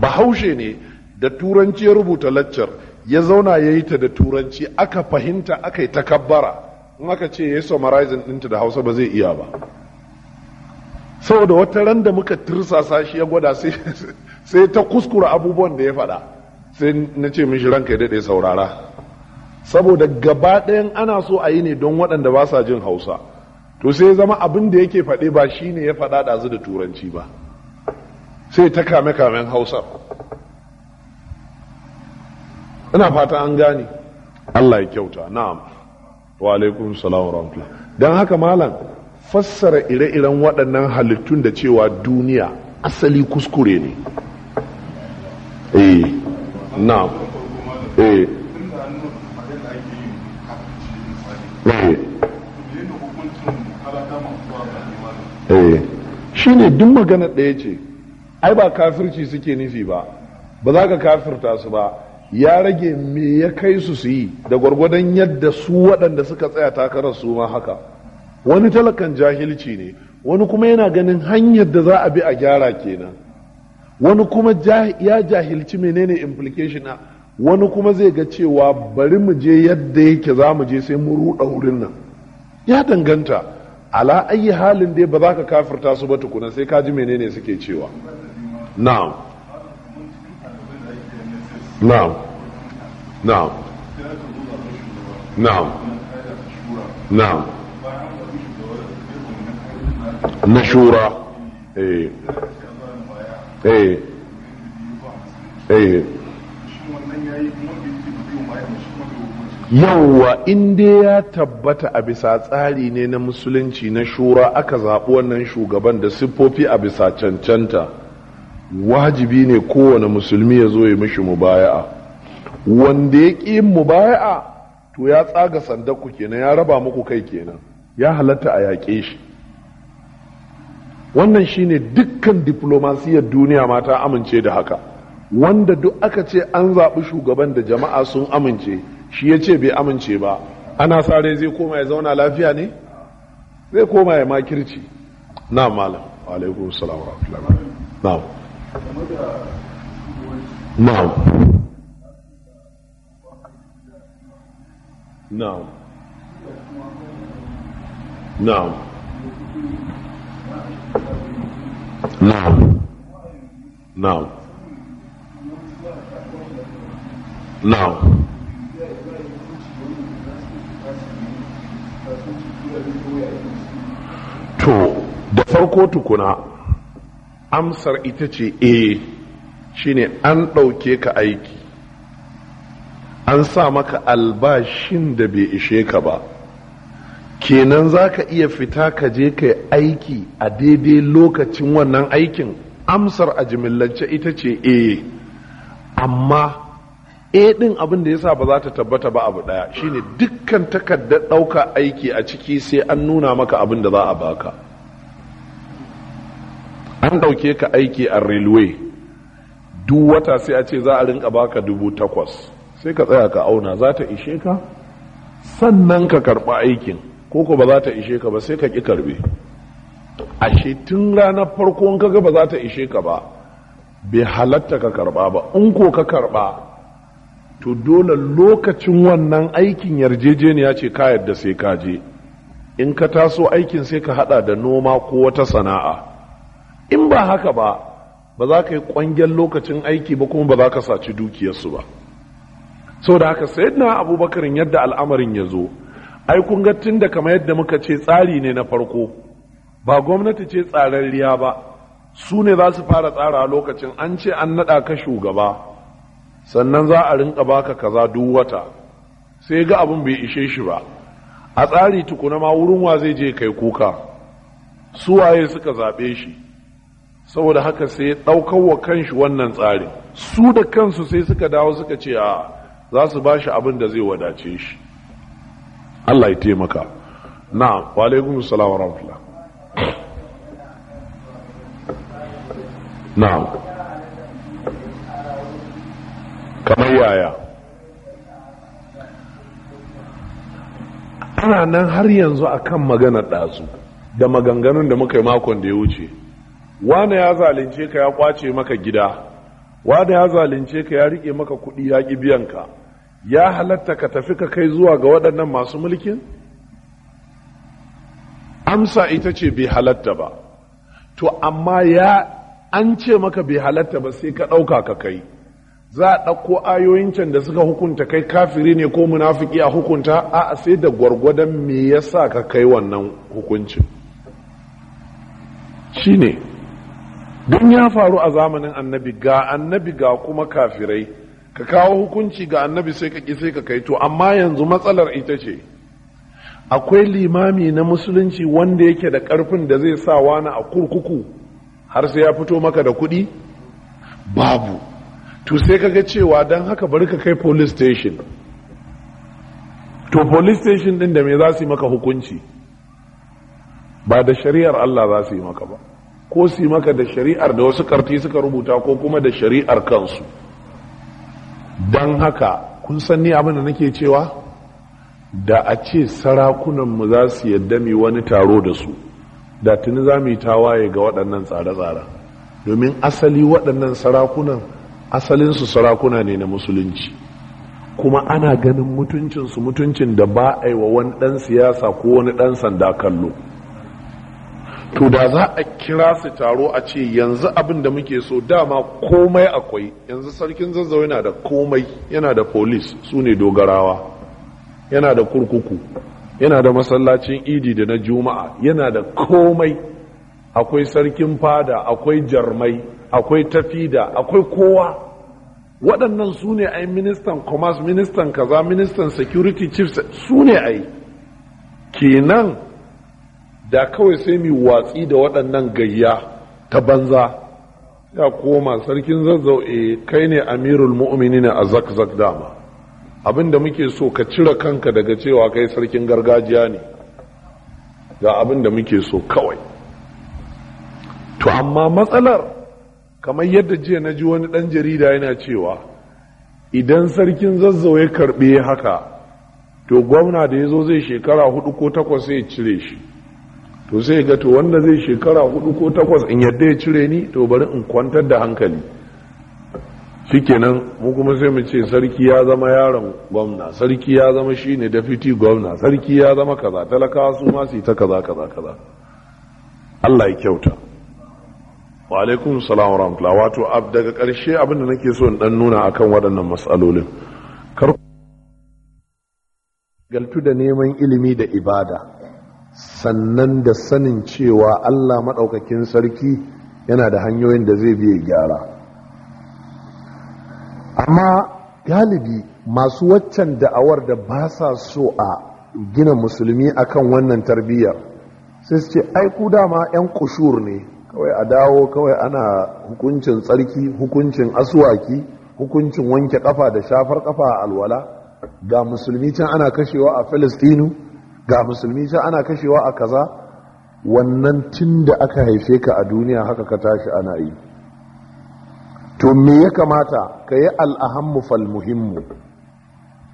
bahaushe ne da turanci ya rubuta laccar ya zauna ya yi ta da turanci aka fahimta aka yi takabbara in aka ce ya yi summarizing ɗinta da hausa ba zai iya ba saboda wata ran da muka tirsasa shi ya gwada sai ta kuskura abubuwan da ya faɗa sai na ce mishi ranka ya daɗe saurara saboda gaba ɗayan ana so a yi ne don waɗanda ba sa jin hausa to sai zama abin da yake faɗe ba shi ne ya faɗa ɗazu da turanci ba sai ta kame kamen Hausa. ina fata an gane allah ya kyauta na'am wa alaikun don dan haka malam fassara ire-iren waɗannan halittun da cewa duniya asali kuskure ne eh na eh, eh. eh. shi ne duk magana ɗaya ce ai ba kafirci suke nufi ba ba za ka kafirta su ba ya rage me ya kai su su yi da gwargwadon yadda su waɗanda suka tsaya takarar su ma haka wani talakan jahilci ne wani kuma yana ganin hanyar da za a bi a gyara kenan wani kuma ya jahilci menene implication a wani kuma zai ga cewa bari mu je yadda yake za mu je sai mu ruɗa wurin nan ya danganta ala ayi halin dai ba za ka kafirta su ba tukuna sai ka ji menene suke cewa na'am نعم نعم نعم نعم na shura ايه yawwa inda ya tabbata a bisa tsari ne na musulunci na shura aka zaɓi wannan shugaban da siffofi a bisa cancanta wajibi ne kowane musulmi ya zo ya mishi mubaya'a wanda ya ƙi mubaya'a to ya tsaga sandakku kenan ya raba muku kai kenan ya halatta a yaƙe shi wannan shine dukkan diplomasiyar duniya mata amince da haka wanda duk aka ce an zaɓi shugaban da jama'a sun amince shi ya ce bai amince ba ana sare zai koma ya zauna lafiya ne zai koma ya makirci na malam alaikum salam wa rahmatullahi na'am na'am na'am na'am na'am na'am to da farko tukuna amsar ita ce eh shine an ɗauke ka aiki an sa maka albashin da bai ishe ka ba kenan za ka iya fita ka je ka aiki a daidai lokacin wannan aikin amsar a jimillance ita ce e amma e ɗin abin da ya sa ba za ta tabbata ba abu ɗaya, shine dukkan takardar ɗauka aiki a ciki sai an nuna maka abin da za a baka an ɗauke ka aiki a railway duk wata sai a ce za a rinka baka dubu takwas sai ka tsaya ka auna za ta ishe ka sannan ka karɓa aikin ko ko ba za ta ishe ka ba sai ka ƙi karɓe ashe tun ranar farko in kaga ba za ta ishe ka ba bai halatta ka karɓa ba in ko ka karɓa to dole lokacin wannan aikin yarjejeniya ce ka yadda sai ka je in ka taso aikin sai ka hada da noma ko wata sana'a in ba haka ba ba za ka yi ƙwangen lokacin aiki ba kuma ba za ka saci dukiyarsu ba sau da haka na abubakarin yadda al'amarin ya zo ai kun ga tun da kamar yadda muka ce tsari ne na farko ba gwamnati ce tsararriya ba su ne za su fara tsara lokacin an ce an naɗa ka shugaba sannan za a rinka baka kaza duk wata sai ga abin bai ishe shi ba a tsari tukuna ma wurin wa zai je kai kuka su waye suka zaɓe shi saboda haka sai ɗaukar wa kanshi wannan tsarin su da kansu sai suka dawo suka ce a za su ba shi abin da zai wadace shi Allah ya taimaka na walaikun salam wa rahmatullah kamar yaya ana nan har yanzu akan maganar ɗazu da maganganun da muka yi makon da ya wuce wane ya zalunce ka ya kwace maka gida wane ya zalunce ka ya rike maka kuɗi ya ƙi biyan ka ya halatta ka tafi ka kai zuwa ga waɗannan masu mulkin amsa ita ce bai halatta ba to amma ya an ce maka bai halatta ba sai ka ɗauka ka kai za a ɗauko ayoyin can da suka hukunta kai kafiri ne ko munafiki a hukunta a sai da gwargwadon me ya sa ka kai wannan hukuncin shine don ya faru a zamanin annabi ga annabi ga kuma kafirai ka kawo hukunci ga annabi sai ka sai ka kaito amma yanzu matsalar ita ce akwai limami na musulunci wanda yake da karfin da zai sa wani a kurkuku har sai ya fito maka da kuɗi babu to sai ga cewa don haka bari ka kai police station to police station din da me za su yi maka hukunci ba da shari'ar Allah za su yi maka ba ko su yi maka da shari'ar da wasu karti suka rubuta ko kuma da shari'ar kansu don haka kun san ni abin da nake cewa da a ce sarakunanmu za su yadda mai wani taro da su da tuni za mu yi tawaye ga waɗannan tsare-tsare domin asali waɗannan sarakunan asalinsu sarakuna ne na musulunci kuma ana ganin mutuncinsu mutuncin da ba a yi wa wani ɗan siyasa ko wani ɗan sanda kallo to da za a kira su taro a ce yanzu abin da muke so dama komai akwai yanzu sarkin zazzau yana da komai yana da polis su ne dogarawa yana da kurkuku yana da masallacin idi da na juma'a yana da komai akwai sarkin fada akwai jarmai akwai tafida akwai kowa waɗannan su ne a yi ministan commerce ministan kaza ministan security chiefs su ne a yi kenan da kawai sai mu watsi da waɗannan gayya ta banza ya koma sarkin zazzau e kai ne amirul ne a zakzak dama abinda muke so ka cire kanka daga cewa kai sarkin gargajiya ne ga abinda muke so kawai to amma matsalar kamar yadda jiya na ji wani ɗan jarida yana cewa idan sarkin zazzau ya karɓe haka to gwamna da ya zo zai shekara hudu ko takwas sai ya cire shi to sai ga to wanda zai shekara hudu ko takwas in yadda ya cire ni to bari in kwantar da hankali shikenan mu kuma sai mu ce sarki ya zama yaron gwamna sarki ya zama shine deputy gwamna sarki ya zama kaza talakawa su ma su ta kaza kaza kaza Allah ya kyauta wa alaikum salam wa wato ab daga karshe abinda nake so in dan nuna akan waɗannan matsalolin kar galtu da neman ilimi da ibada sannan da sanin cewa Allah maɗaukakin sarki yana da hanyoyin da zai biya gyara amma galibi masu waccan da'awar da ba sa so a gina musulmi akan wannan tarbiyyar sai su ce aiku dama 'yan kushur ne kawai a dawo kawai ana hukuncin tsarki hukuncin asuwaki hukuncin wanke kafa da shafar kafa a alwala ga musulmi can ana kashewa a filistinu ga musulmi sai ana kashewa a kaza wannan tun da aka haife ka a duniya haka ka tashi ana yi to me ya kamata ka yi al'ahammu fal muhimmu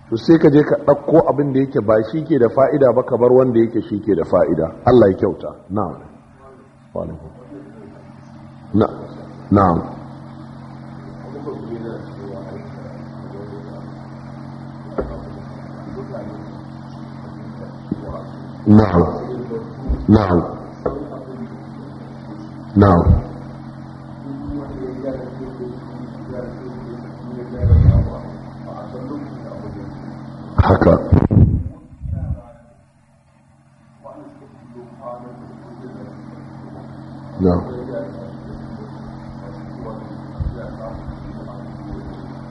to sai ka je ka ɗauko abin da yake ba shi ke da fa'ida ba ka bar wanda yake shi ke da fa'ida Allah ya kyauta na. now now now haka No.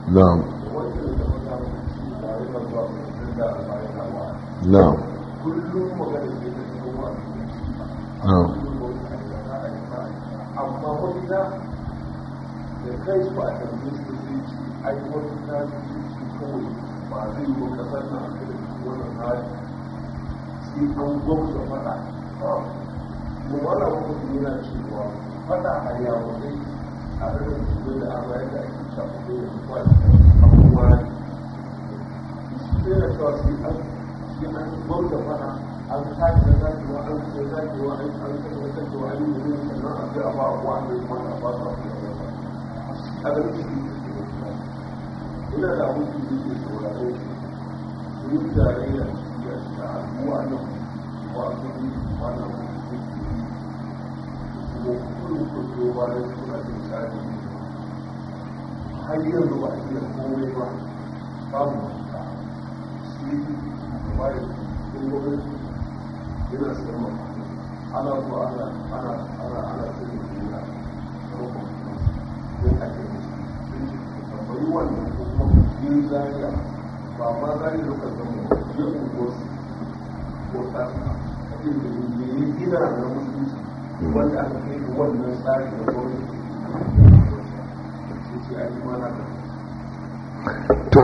No. No. kai ba a tambaye su zai ce ai wani tashi ce kawai ba zai yi wa kasar na aka da kaga duk shi ina da mutum da ke saurare shi duk da kira na mutunci wanda aka kai da wannan tsari da to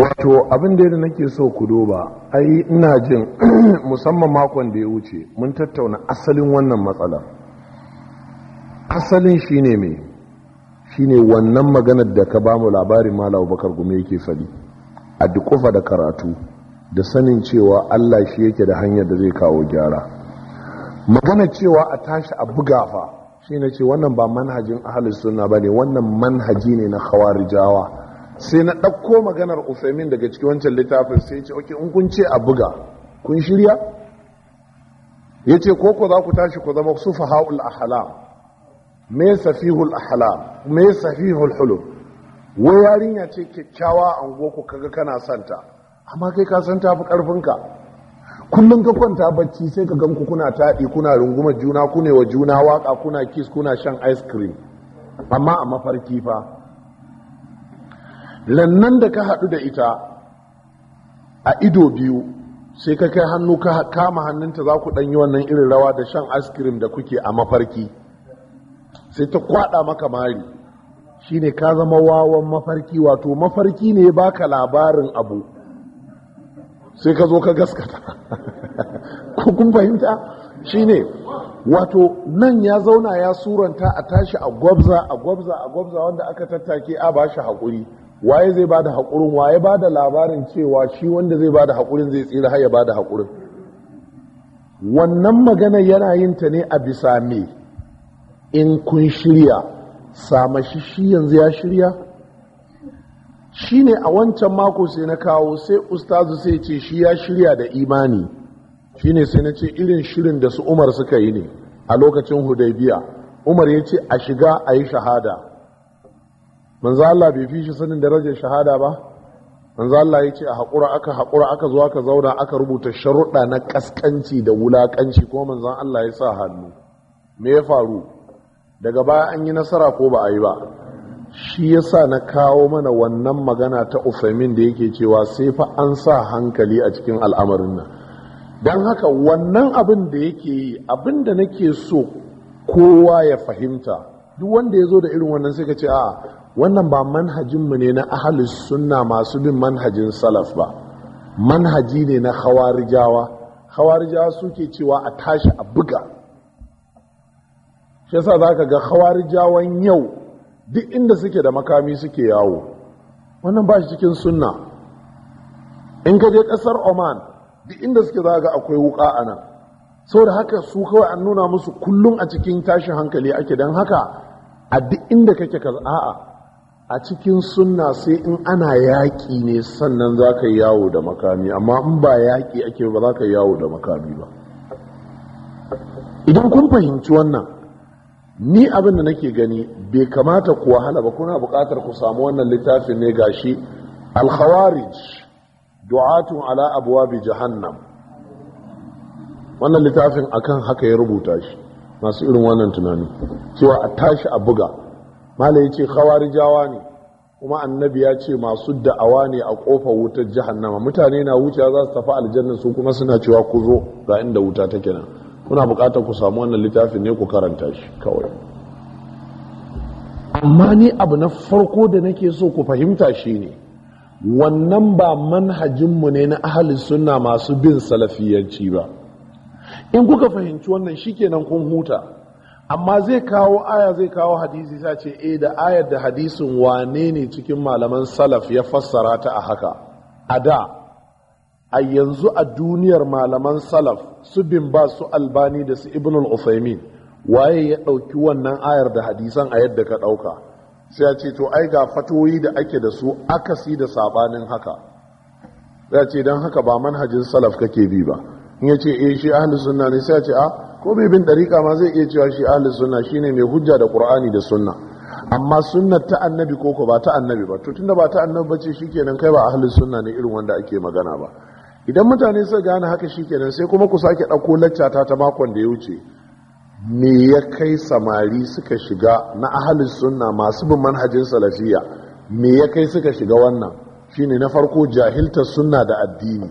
wato abin da yadda nake so ku duba ai ina jin musamman makon da ya wuce mun tattauna asalin wannan matsalar. asalin shi shine mai ne wannan maganar da ka bamu labarin malam bakar gume yake fadi, a dukufa da karatu da sanin cewa allah shi yake da hanyar da zai kawo gyara magana cewa a tashi a buga fa na ce wannan ba manhajin suna ba ne, wannan manhaji ne na jawa. sai na ɗauko maganar Usaimin daga cikin wancan littafin sai ce oke in kun ce a buga kun shirya Ya ce ko ku za ku tashi ku zama su a hala me safihul hala me safihul hulum wai yarinya ce kyakkyawa an ku kaga kana santa amma kai ka san tafi karfinka kullum ka kwanta bacci sai ka ganku kuna taɗi kuna runguma juna kune wa juna waka kuna kiss kuna shan ice cream amma a mafarki fa lannan da ka haɗu da ita a ido biyu sai ka kai hannu ka kama hannunta za ku ɗanyi wannan irin rawa da shan ice cream da kuke a mafarki sai ta kwaɗa maka mari shine ka zama wawan mafarki wato mafarki ne baka labarin abu sai ka zo ka gaskata ko kun fahimta ne wato nan ya zauna ya suranta a tashi a gwabza a gwabza a gwabza wanda aka tattake a ba shi haƙuri waye zai bada haƙurin waye bada labarin cewa shi wanda zai bada haƙurin zai tsira har ya bada haƙurin wannan magana yana yin ta ne a bisa me in kun shirya sama shi, shi yanzu ya shirya Shi ne a wancan mako sai na kawo sai ustazu sai ce shi ya shirya da imani shine sai na ce irin shirin da su umar suka yi ne a lokacin hudaybiya umar ya ce a shiga a yi shahada manzo Allah bai fi shi sanin darajar shahada ba manzo Allah ya ce a haƙura aka haƙura aka zo aka zauna aka rubuta sharuɗa na ƙasƙanci da wulaƙanci ko manzon Allah ya sa hannu me ya faru daga baya an yi nasara ko ba a yi ba shi yasa na kawo mana wannan magana ta ufamin da yake cewa sai fa an sa hankali a cikin al'amarin nan don haka wannan abin da yake yi abin da nake so kowa ya fahimta duk wanda ya zo da irin wannan sai ka ce a wannan ba manhajinmu ne na ahalus sunna masu bin manhajin salaf ba manhaji ne na hawarijawa hawarijawa suke cewa a tashi a buga shi yasa za ka ga hawarijawan yau duk inda suke da makami suke yawo wannan ba shi cikin sunna in ka je ƙasar oman duk inda suke za akwai wuka a nan saboda haka su kawai an nuna musu kullum a cikin tashin hankali ake don haka a duk inda kake ka a'a a cikin sunna sai in ana yaƙi ne sannan za ka yawo da makami amma in ba yaƙi ake ba za ka yawo da makami ba idan kun fahimci wannan ni abin da nake gani bai kamata ku wahala ba kuna buƙatar ku samu wannan littafin ne gashi al-khawarij du'atun ala abwabi jahannam wannan littafin akan haka ya rubuta shi masu irin wannan tunani cewa a tashi a buga malai yace khawarijawa ne kuma annabi ya ce masu da'awa ne a kofar wutar jahannama mutane na wuce za su tafi aljanna su kuma suna cewa ku zo ga inda wuta take nan kuna bukatar ku samu wannan littafin ne ku karanta shi kawai amma ni abu na farko da nake so ku fahimta shi ne wannan ba manhajinmu ne na ahalin suna masu bin salafiyanci ba in kuka fahimci wannan shi shikenan kun huta amma zai kawo aya zai kawo hadisi sa ce e da ayar da hadisin wane ne cikin malaman salaf ya fassara ta a haka a da a yanzu a duniyar malaman salaf su bin ba su albani da su ibn al-usaimin waye ya ɗauki wannan ayar da hadisan a yadda ka ɗauka sai ya ce to ai ga fatoyi da ake da su akasi da sabanin haka ya ce don haka ba manhajin salaf kake bi ba in ya ce eh shi ahli sunna ne sai ya ce a ko bai bin dariƙa ma zai iya cewa shi ahli sunna shine mai hujja da qur'ani da sunna amma sunnar ta annabi ko ko ba ta annabi ba to tunda ba ta annabi bace shikenan kai ba ahli sunna ne irin wanda ake magana ba idan mutane suka gane haka shikenan sai kuma ku sake ɗauko laccata ta makon da ya wuce me ya kai samari suka shiga na ahalin sunna masu bin manhajin salafiya me ya kai suka shiga wannan shine na farko jahiltar sunna da addini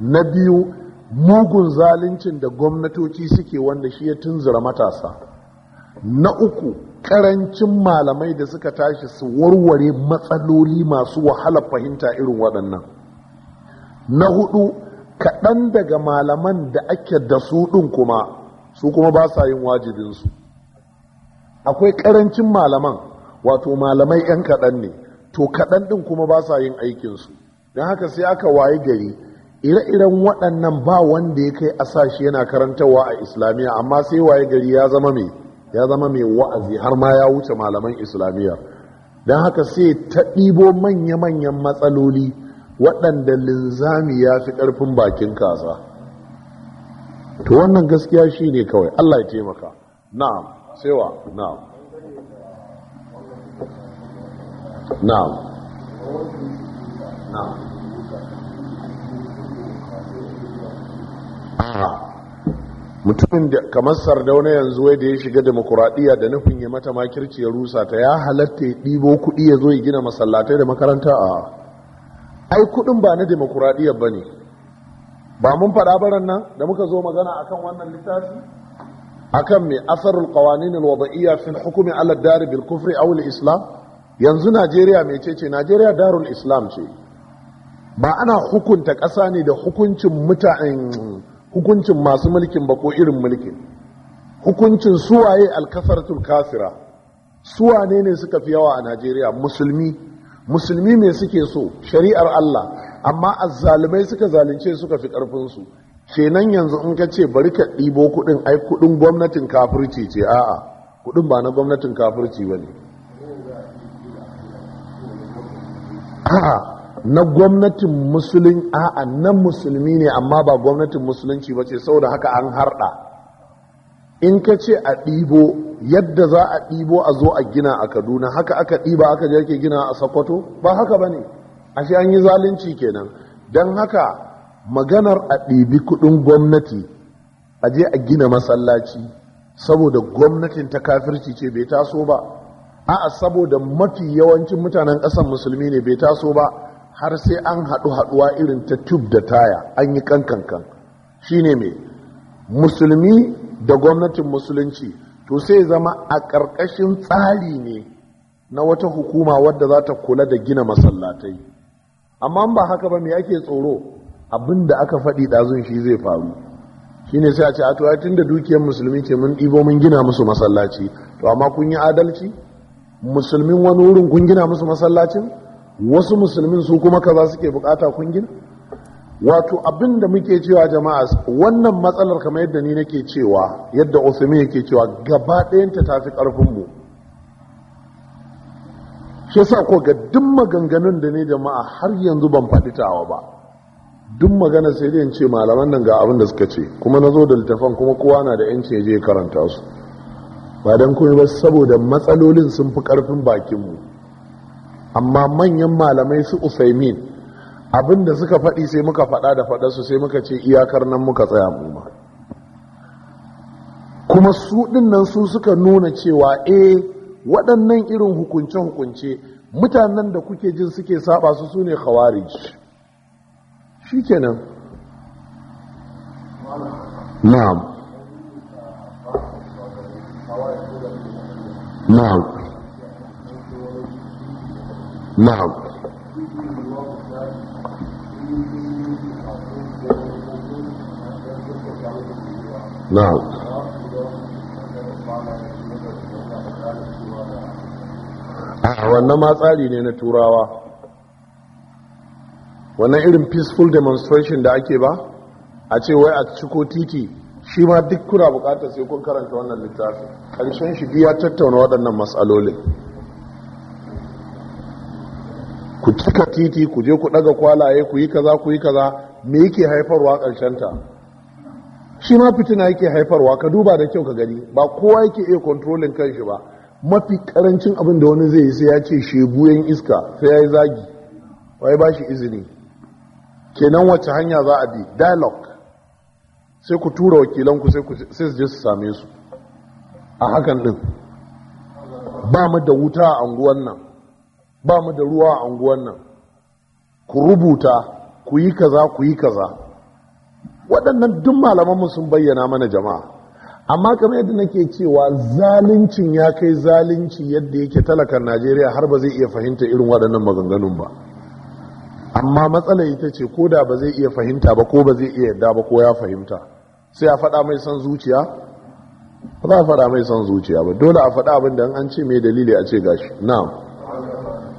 na biyu mugun zaluncin da gwamnatoci suke wanda shi ya tunzura matasa na uku karancin malamai da suka tashi su warware matsaloli masu wahala fahimta irin waɗannan na hudu kaɗan daga malaman da ake da su ɗin kuma su kuma ba sa yin wajibinsu akwai ƙarancin malaman wato malamai 'yan kaɗan ne to kaɗan ɗin kuma ba sa yin aikinsu don haka sai aka wayi gari ire-iren waɗannan ba wanda ya kai asashi yana karantarwa a islamiyya amma sai waye gari ya zama mai ya zama mai wa'azi har ma ya wuce malaman islamiyya don haka sai ta ɗibo manya-manyan matsaloli waɗanda linzami ya fi ƙarfin bakin kasa to wannan gaskiya shi ne kawai Allah ya taimaka na'am sewa na'am na'am mutumin da kamar sardauna yanzu wai da ya shiga demokuraɗiyya da nufin ya mata makirci ya rusa ta ya halatta ya ɗibo kuɗi ya zo ya gina masallatai da makaranta a ai kudin ba na dimokuraɗiyya ba ne ba mun faɗa baran nan da muka zo magana akan wannan littafi akan mai asarul kawanin alwada'iyya fil hukmi ala dar bil kufri aw al islam yanzu najeriya mai ce, najeriya darul islam ce ba ana hukunta ƙasa ne da hukuncin mutane hukuncin masu mulkin ba ko irin mulkin hukuncin suwaye al'kasar kasira ne ne suka fi yawa a najeriya musulmi musulmi me suke so shari'ar Allah amma azzalumai suka zalunce suka fi ƙarfinsu kenan yanzu in ka ce bari ka ɗibo kuɗin ai kuɗin gwamnatin kafirci ce a'a kuɗin ba na gwamnatin kafirci ba ne a'a na gwamnatin musulun a'a na musulmi ne amma ba gwamnatin musulunci ba ce saboda haka an harɗa in ka ce a ɗibo yadda za a ɗibo a zo a gina a kaduna haka aka ɗiba aka je ke gina a sokoto ba haka ba ne ashe an yi zalunci kenan don haka maganar a ɗibi kuɗin gwamnati a je a gina masallaci saboda gwamnatin ta kafirci ce bai taso ba a'a saboda mafi yawancin mutanen ƙasar musulmi ne bai taso ba har sai an haɗu haɗuwa irin ta tub da taya an yi kankan. Shi ne mai musulmi da gwamnatin musulunci to sai zama a ƙarƙashin tsari ne na wata hukuma wadda za ta kula da gina masallatai amma ba haka ba me ake tsoro abin da aka faɗi ɗazun shi zai faru shi ne sai a ce a to tun da dukiyar musulmi ce mun ɗibo mun gina musu masallaci to amma kun yi adalci musulmin wani wurin kun gina musu masallacin wasu musulmin su kuma kaza suke bukata kun gina wato abin da muke cewa jama'a wannan matsalar kamar yadda ni nake cewa yadda osimi yake cewa gaba ɗayanta ta fi ƙarfinmu shi sa ko ga duk maganganun da ne jama'a har yanzu ban faɗi tawa ba duk magana sai dai ce malaman nan ga abin da suka ce kuma na zo da littafan kuma kowa na da yanci ya je karanta su ba don kuma ba saboda matsalolin sun fi ƙarfin bakinmu amma manyan malamai su usaimin abin da suka faɗi sai muka faɗa da faɗarsu sai muka ce iyakar nan muka tsaya mu ma kuma su nan su suka nuna cewa eh waɗannan irin hukunce-hukunce mutanen da kuke jin suke saba su su ne khawarij shi kenan na'am na'am na'am na'am wannan ma tsari ne na turawa wannan irin peaceful demonstration da ake ba a ce wai a ciko titi shi ma duk kuna bukatar sai kun karanta wannan littafi ƙarshen shi ya tattauna waɗannan matsalolin ku cika titi ku je ku ɗaga kwalaye ku yi kaza ku yi kaza me yake haifarwa ta. shi ma fitina yake haifarwa ka duba da kyau ka gani ba kowa yake iya kontrolin shi ba mafi karancin abin da wani zai yi sai ya ce sheguyen iska sai ya yi zagi wai ba shi izini kenan wacce hanya za a bi dialogue sai ku tura wakilanku sai su je su same su a hakan din ba mu da wuta a anguwan nan ba mu da ruwa a anguwan nan ku rubuta ku yi kaza ku yi kaza waɗannan duk malamanmu sun bayyana mana jama'a amma kamar yadda nake cewa zaluncin ya kai zalunci yadda yake talakan najeriya har ba zai iya fahimta irin waɗannan maganganun ba amma matsala ita ce ko da ba zai iya fahimta ba ko ba zai iya yadda ba ko ya fahimta sai a faɗa mai son zuciya ba za a faɗa mai son zuciya ba dole a faɗa abin da an ce mai dalili a ce gashi na'am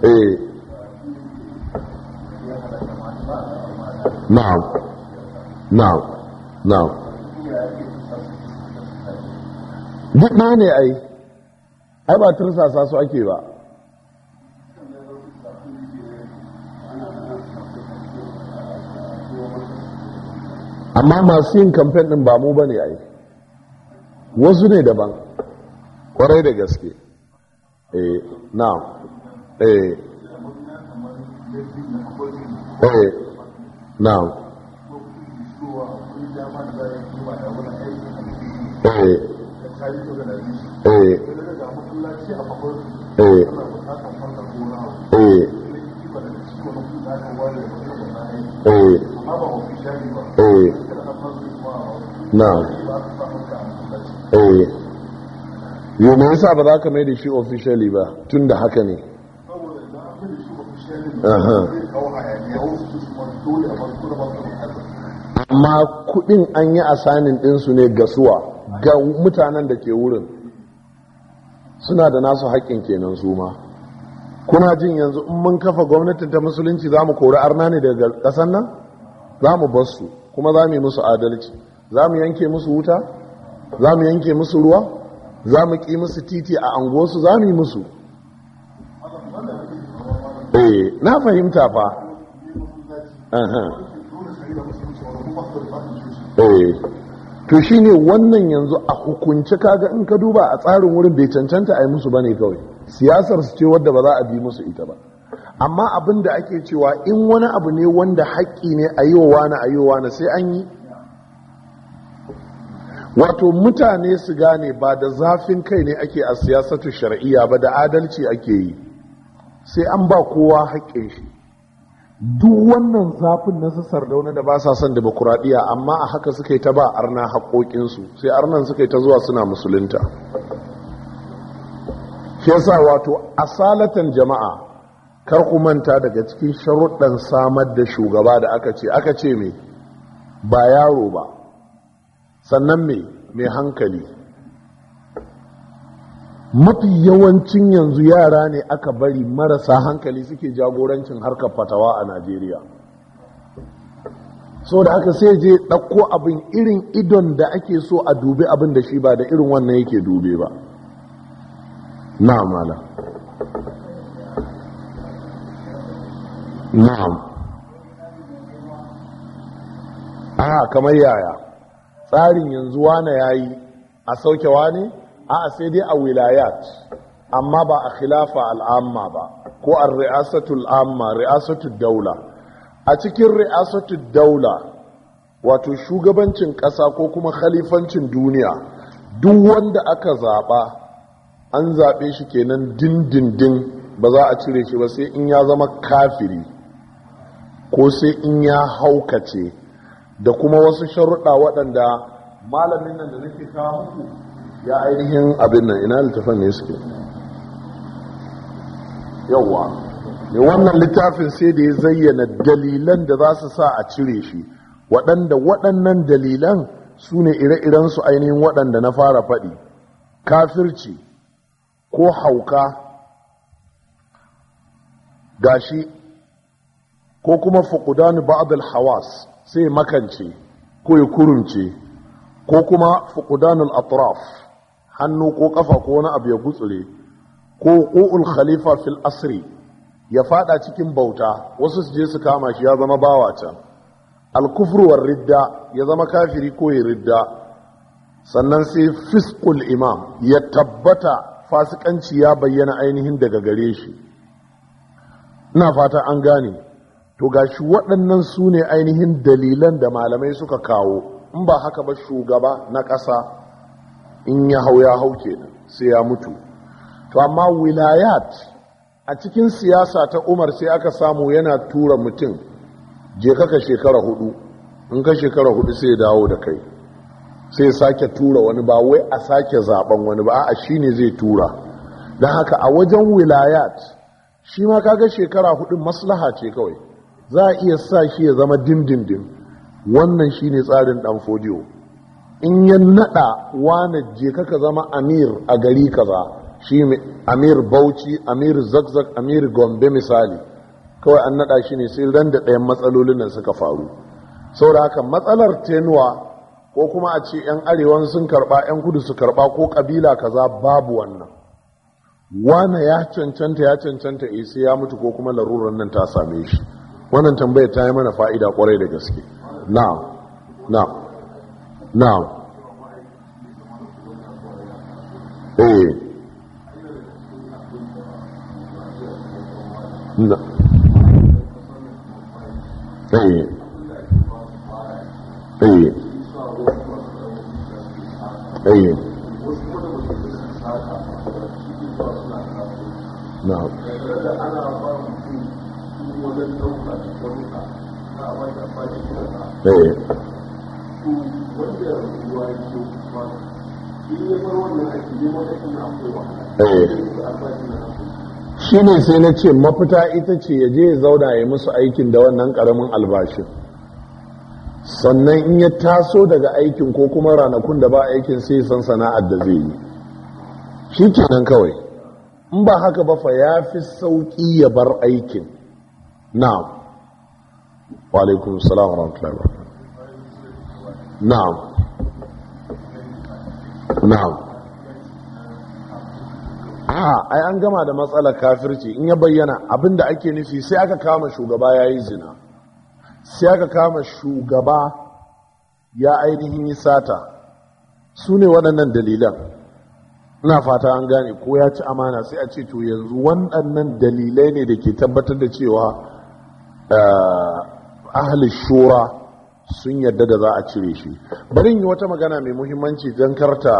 eh na'am now now duk na ne ai ai ba tursasa su ake ba amma masu yin kamfen din ba mu ba ne ai wasu ne daban kwarai da gaske eh now eh eh now me ba za ka mai da shi officially ba tun da haka ne amma kudin an yi asanin dinsu ne gasuwa. ga mutanen da ke wurin suna da nasu haƙƙin kenan su ma kuna jin yanzu in mun kafa gwamnatin ta musulunci za mu kori arna ne daga ƙasan nan za mu bar su kuma za mu yi musu adalci za mu yanke musu wuta za mu yanke musu ruwa za mu ƙi musu titi a anguwarsu za mu yi musu eh na fahimta fa eh to shi ne wannan yanzu a hukunce kaga in ka duba a tsarin wurin bai cancanta a yi musu bane kawai siyasar su ce wadda ba za a bi musu ita ba amma abin da ake cewa in wani abu ne wanda haƙƙi ne a yi wa wani a yi wa wani sai an yi wato mutane su gane ba da zafin kai ne ake a siyasatu shari'a ba da adalci ake yi sai an ba kowa haƙƙin shi duk wannan zafin na su sardauna da ba sa son demokuraɗiyya amma a haka suka yi ta ba arna haƙoƙinsu sai arnan suka ta zuwa suna musulunta shi sa wato asalatan jama'a kar ku manta daga cikin sharuɗan samar da shugaba da aka ce aka ce me ba yaro ba sannan me mai hankali mafi yawancin yanzu yara ne aka bari marasa hankali suke jagorancin harkar fatawa a najeriya so da aka sai je ɗauko abin irin idon da ake so a dubi abin da shi ba da irin wannan yake dube ba na na'am a ah, kamar yaya tsarin yanzu wane yayi a sauke wane a sai dai a wilayat amma ba a khilafa al'amma ba ko a ri'asatul amma ri'asatul daula a cikin riasatu daula wato shugabancin ƙasa ko kuma khalifancin duniya duk wanda aka zaɓa an zaɓe shi kenan dindindin ba za a cire shi ba sai in ya zama kafiri ko sai in ya haukace da kuma wasu sharuɗa waɗanda malamin nan da nake kawo muku ya ainihin abin nan ina littafin ne suke yawwa ne wannan littafin sai da ya zayyana dalilan da za su sa a cire shi waɗanda waɗannan dalilan su ne ire-irensu ainihin waɗanda na fara faɗi kafirci ko hauka gashi ko kuma fuqudanu ba'dal hawas sai makance ko ya kurumce ko kuma fukudanul atraf hannu ko kafa ko wani abu ya gutsure ko qu'ul khalifa fil asri ya fada cikin bauta wasu su je su kama shi ya zama bawa can al-kufru ridda ya zama kafiri ko ya ridda sannan sai fiskul imam ya tabbata fasikanci ya bayyana ainihin daga gare shi ina fata an gane to gashi waɗannan sune ainihin dalilan da malamai suka kawo in ba haka ba shugaba na ƙasa in ya hau ya hau kenan sai ya mutu to amma wilayat a cikin siyasa ta umar sai aka samu yana tura mutum je kaka shekara hudu in ka shekara hudu sai dawo da kai sai sake tura wani ba wai a sake zaben wani ba a shine zai tura don haka a wajen wilayat shi ma kaga shekara hudu maslaha ce kawai za a iya sa shi ya zama dindindin wannan shine tsarin dan fodiyo in ya naɗa wane je ka zama amir a gari kaza shi amir bauchi amir zagzag amir gombe misali kawai an naɗa shi ne sai ran da ɗayan matsalolin nan suka faru saboda haka matsalar tenuwa ko kuma a ce 'yan arewan sun karɓa 'yan kudu su karɓa ko ƙabila kaza babu wannan wane ya cancanta ya cancanta eh sai ya mutu ko kuma larurar nan ta same shi wannan tambayar ta yi mana fa'ida kwarai da gaske na'am na'am na'am eh na eh eh eh na'am eh Eh. shi ne sai na ce mafita ita ce ya je ya zauna ya musu aikin da wannan karamin albashin sannan in ya taso daga aikin ko kuma ranakun da ba aikin sai san sana'ar da zai yi shi kenan kawai in ba haka ba fa ya fi sauƙi ya bar aikin na'am wa alaikum salam rahmatullahi na'am na'am a ai an gama da matsalar kafirci in ya bayyana abin da ake nufi sai aka kama shugaba ya yi zina sai aka kama shugaba ya ainihin yi sata su ne waɗannan dalilan ina fata an gane ko ya ci amana sai a ce to yanzu waɗannan dalilai ne da ke tabbatar da cewa eh, ahli shura sun yadda da za a cire shi bari yi wata magana mai muhimmanci don karta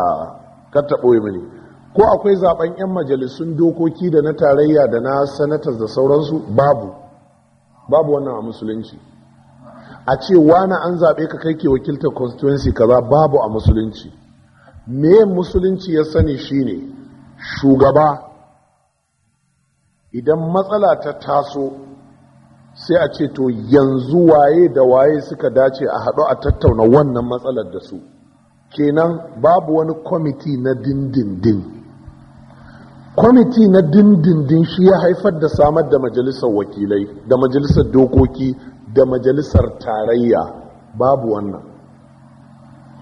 karta ɓoye mini ko akwai zaben 'yan majalisun dokoki da na tarayya da na sanatas da sauransu babu babu wannan a musulunci a ce wani an zaɓe ka kai ke wakiltar constituency kaza babu a musulunci me musulunci ya sani shine shugaba idan matsala ta taso sai a ce to yanzu waye da waye suka dace a haɗu a tattauna wannan matsalar da su kenan babu wani kwamiti na dindindin kwamiti na dindindin shi ya haifar da samar da majalisar wakilai da majalisar dokoki da majalisar tarayya babu wannan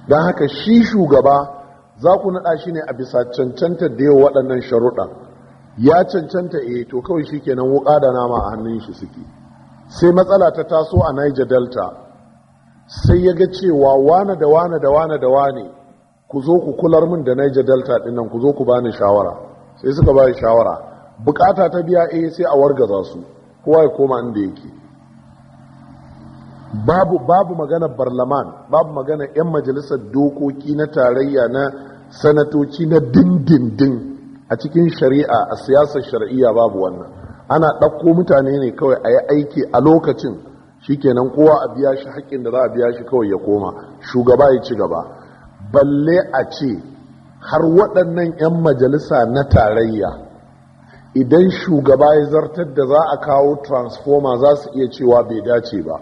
don haka shi shugaba za ku naɗa shi ne a bisa cancanta da yau waɗannan sharuɗa ya cancanta eh to kawai shi kenan wuƙa da nama a hannun shi suke sai matsala ta taso a niger delta sai ya ga cewa wane da wane da wane da wane ku zo ku kular min da niger delta ɗin ku zo ku bani shawara sai suka ba shawara bukata ta biya eh sai a wargaza su kowa ya koma inda yake babu babu magana barlaman babu magana 'yan majalisar dokoki na tarayya na sanatoci na dindindin a cikin shari'a a siyasar shari'a babu wannan ana ɗauko mutane ne kawai a yi aiki a lokacin shikenan kowa a biya shi haƙƙin da za a biya shi kawai ya koma shugaba ya ci gaba balle a ce har waɗannan 'yan majalisa na tarayya idan shugaba ya zartar da za a kawo transformer za su iya cewa bai dace ba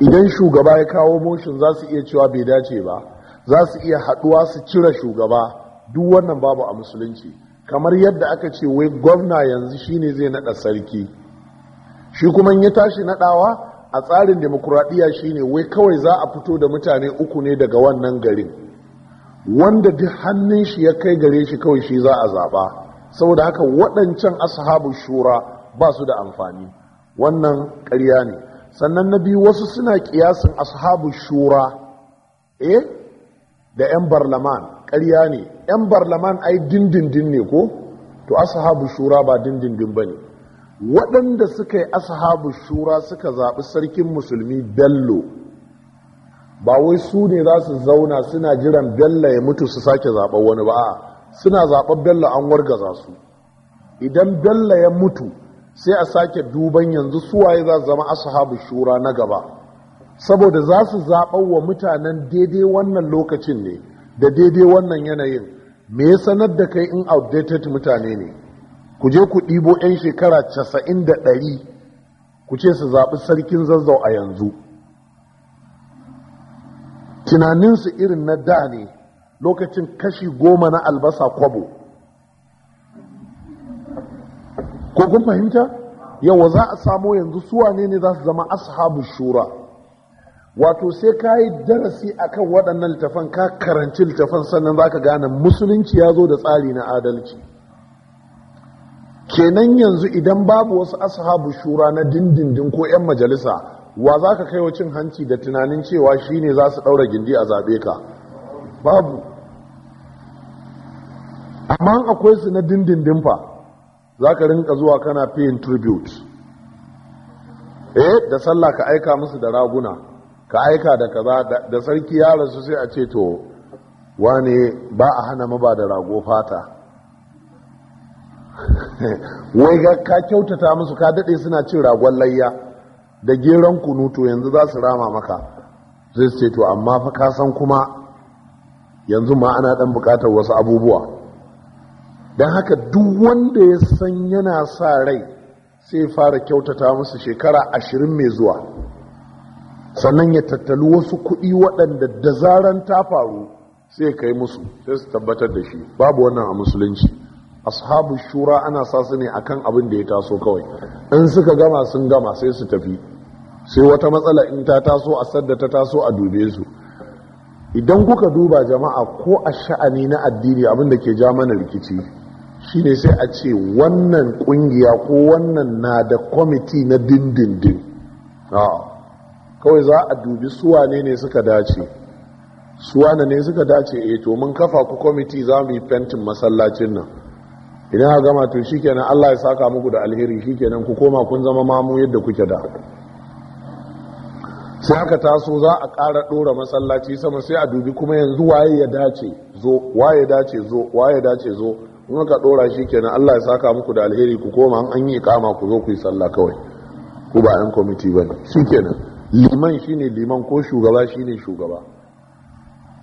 idan shugaba ya kawo motion za su iya cewa bai dace ba za su iya haɗuwa su cire shugaba duk wannan babu a musulunci kamar yadda aka ce wai gwamna yanzu shine zai naɗa sarki shi kuma in ya tashi naɗawa a tsarin demokuraɗiyya shine wai kawai za a fito da mutane uku ne daga wannan garin wanda duk hannun shi ya kai gare shi kawai shi za a zaɓa saboda haka waɗancan ashabu shura ba su da amfani wannan ƙarya ne sannan na biyu wasu suna ƙiyasin ashabu shura eh da 'yan barlaman ƙarya ne 'yan barlaman ai dindindin ne ko to ashabu shura ba dindindin ba ne waɗanda suka yi ashabu shura suka zaɓi sarkin musulmi bello ba wai su ne za su zauna suna jiran bello ya mutu su sake zaɓar wani ba suna zaɓar bello an wargaza su idan bello ya mutu sai a sake duban yanzu suwaye za su zama ashabu shura na gaba saboda za su zaɓar wa mutanen daidai wannan lokacin ne da daidai wannan yanayin me ya sanar da kai in outdated mutane ne ku je ku ɗibo 'yan shekara casa'in da ɗari ku ce su zaɓi sarkin zazzau a yanzu tunaninsu irin na da ne lokacin kashi goma na albasa kwabo ko kun fahimta yawa za a samo yanzu suwa ne ne za su zama ashabu shura wato sai ka yi darasi akan waɗannan littafan ka karanci littafan sannan za ka gane musulunci ya zo da tsari na adalci kenan yanzu idan babu wasu ashabu shura na dindindin ko 'yan majalisa wa za ka kai wa cin hanci da tunanin cewa shi ne za su ɗaura gindi a zaɓe ka babu amma akwai su na dindindin fa za ka rinka zuwa kana paying tribute eh da sallah ka aika musu da raguna ka aika da kaza da sarki ya rasu sai a ce to wane ba a hana maba da rago fata wai ga ka kyautata musu ka daɗe suna cin ragon layya da geron to yanzu za su rama maka zai ce to amma fa ka san kuma yanzu ma ana dan bukatar wasu abubuwa Dan haka duk wanda ya san yana sa rai sai fara kyautata musu shekara ashirin mai zuwa sannan ya tattali wasu kuɗi waɗanda da zaran ta faru sai kai musu sai su tabbatar da shi babu wannan a musulunci ashabu shura ana sa su ne akan abin da ya taso kawai in suka gama sun gama sai su tafi sai wata matsala in ta taso a sadda ta taso a dube su idan kuka duba jama'a ko a sha'ani na addini abinda ke ja mana rikici shine sai a ce wannan kungiya ko wannan na da kwamiti na dindindin kawai za a dubi suwa ne suka dace suwane ne suka dace eh to mun kafa ku kwamiti za mu yi fentin masallacin nan idan a gama to shikenan Allah ya saka muku da alheri shikenan ku koma kun zama mamu yadda kuke da sai aka taso za a ƙara ɗora masallaci sama sai a dubi kuma yanzu waye ya dace zo waye dace zo waye dace zo in aka ɗora shi kenan Allah ya saka muku da alheri ku koma an yi kama ku zo ku yi sallah kawai ku ba yan kwamiti ba ne shi kenan liman shine liman ko shugaba shine shugaba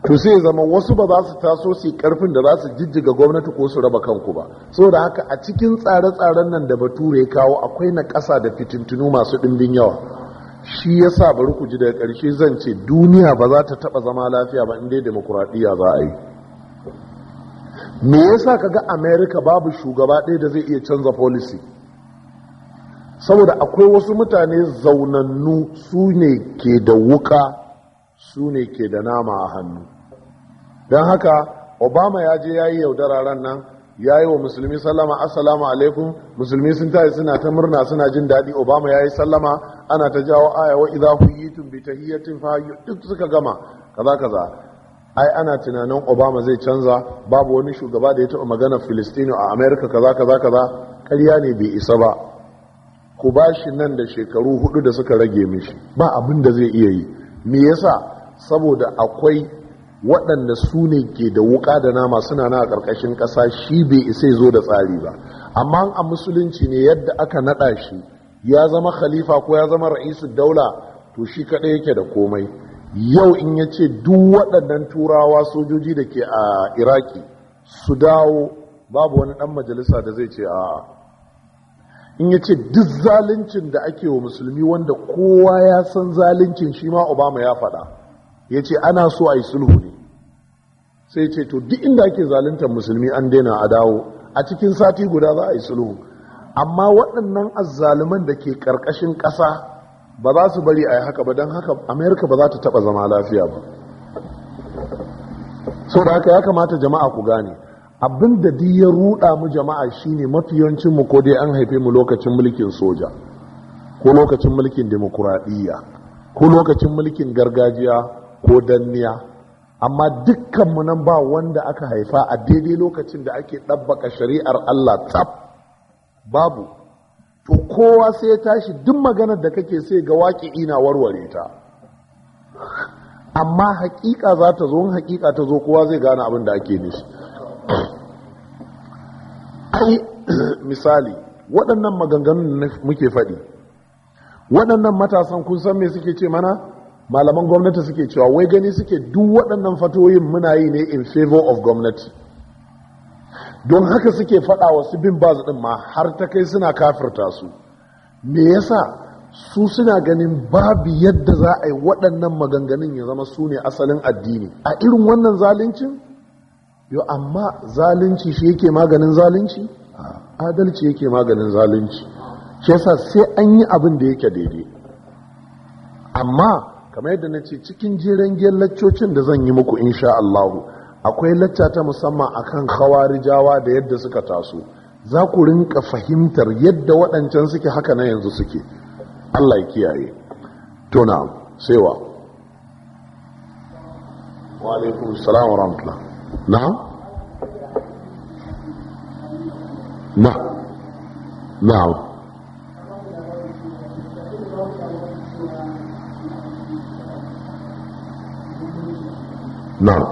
to sai zama wasu ba za su taso su karfin da za su jijjiga gwamnati ko su raba kanku ba saboda haka a cikin tsare-tsaren nan da bature ya kawo akwai na ƙasa da fitintunu masu ɗimbin yawa shi ya sa bari ku ji daga ƙarshe zan ce duniya ba za ta taɓa zama lafiya ba inda demokuraɗiyya za a yi me yasa ga Amerika babu shugaba ɗaya da zai iya canza policy saboda akwai wasu mutane zaunannu su ne ke da wuka su ne ke da nama a hannu don haka obama ya je ya yi yaudara nan ya yi wa musulmi sallama assalamu alaikum musulmi sun tayi suna ta murna suna jin daɗi obama ya yi sallama ana ta jawo aya wa idza huyitum bi tahiyatin fa duk suka gama kaza kaza ai ana tunanin obama zai canza babu wani shugaba da ya taɓa magana filistino a america kaza kaza kaza ƙarya ne bai isa ba ku ba shi nan da shekaru hudu da suka rage mishi ba abin da zai iya yi me yasa saboda akwai waɗanda su ne ke da wuƙa da nama suna na a ƙarƙashin ƙasa shi bai isa zo da tsari ba amma a musulunci ne yadda aka naɗa shi ya zama khalifa ko ya zama ra'isu daula to shi kaɗai yake da komai yau in ya ce duk waɗannan turawa sojoji da ke a iraki su dawo babu wani ɗan majalisa da zai ce a'a in ya ce duk zaluncin da ake wa musulmi wanda kowa ya san zaluncin shi ma obama ya faɗa ya ce ana so a yi sulhu ne sai ce to duk inda ake zaluntar musulmi an daina a dawo a cikin sati guda za a yi sulhu amma waɗannan azzaluman da ke ƙarƙashin ƙasa ba za su bari a yi haka ba don haka amerika ba za ta taɓa zama lafiya ba sau da haka ya kamata jama'a ku gane abin da duk ya ruɗa mu jama'a shine mafi yawancin mu ko dai an haife mu lokacin mulkin soja ko lokacin mulkin demokuraɗiyya ko lokacin mulkin gargajiya ko danniya amma dukkanmu nan ba wanda aka haifa a daidai lokacin da ake ɗabbaka shari'ar Allah tab babu to kowa sai ya tashi duk maganar da kake sai ga waƙi ina warware ta amma haƙiƙa za ta zo in haƙiƙa ta zo kowa zai gane abin da ake nishi ai misali waɗannan maganganun muke faɗi waɗannan matasan kun san me suke ce mana malaman gwamnati suke cewa wai gani suke duk waɗannan fatoyin muna yi ne in favor of gwamnati don haka suke faɗa wasu bin bas ɗin ma har ta kai suna kafirta su me yasa su suna ganin babu yadda za a yi waɗannan maganganun ya zama su ne asalin addini a irin wannan zaluncin yo amma zalunci shi yake maganin zalunci adalci yake maganin zalunci shi yasa sai an yi abin da yake daidai amma kamar yadda na ce cikin giyan laccocin da zan yi muku insha Allahu akwai lacca ta musamman a kan akan rijawa da yadda suka taso za ku rinka fahimtar yadda waɗancan suke haka na yanzu suke Allah ya kiyaye tona saiwa wa salam wa rahmatullah نعم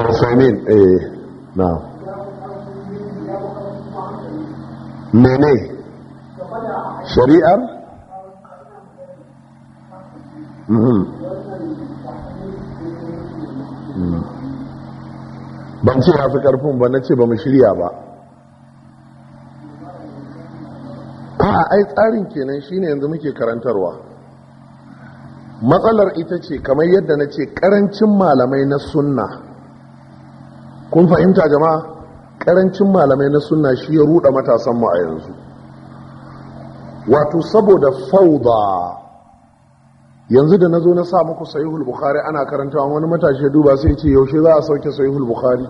al ايه نعم na'am ban ce ya fi karfin ba mu shirya ba a'a ai tsarin kenan shine yanzu muke karantarwa matsalar ita ce kamar yadda na ce karancin malamai na sunna kun fahimta jama'a karancin malamai na sunna shi ya ruɗa matasanmu a yanzu wato saboda fauda yanzu da na zo na sa muku sahihul bukhari ana karantawa wani matashi duba sai ce yaushe za a sauke sahihul bukhari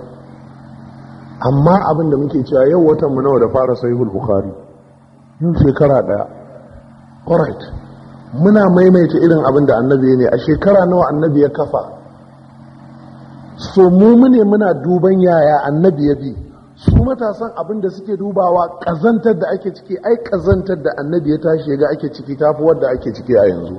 amma abin da muke cewa yau watan mu nawa da fara sahihul bukhari yin shekara ɗaya alright muna maimaita irin abin da annabi ne a shekara nawa annabi ya kafa so mu mune muna duban yaya annabi ya bi su matasan abin da suke dubawa kazantar da ake ciki ai kazantar da annabi ya tashi ga ake ciki ta fi wadda ake ciki a yanzu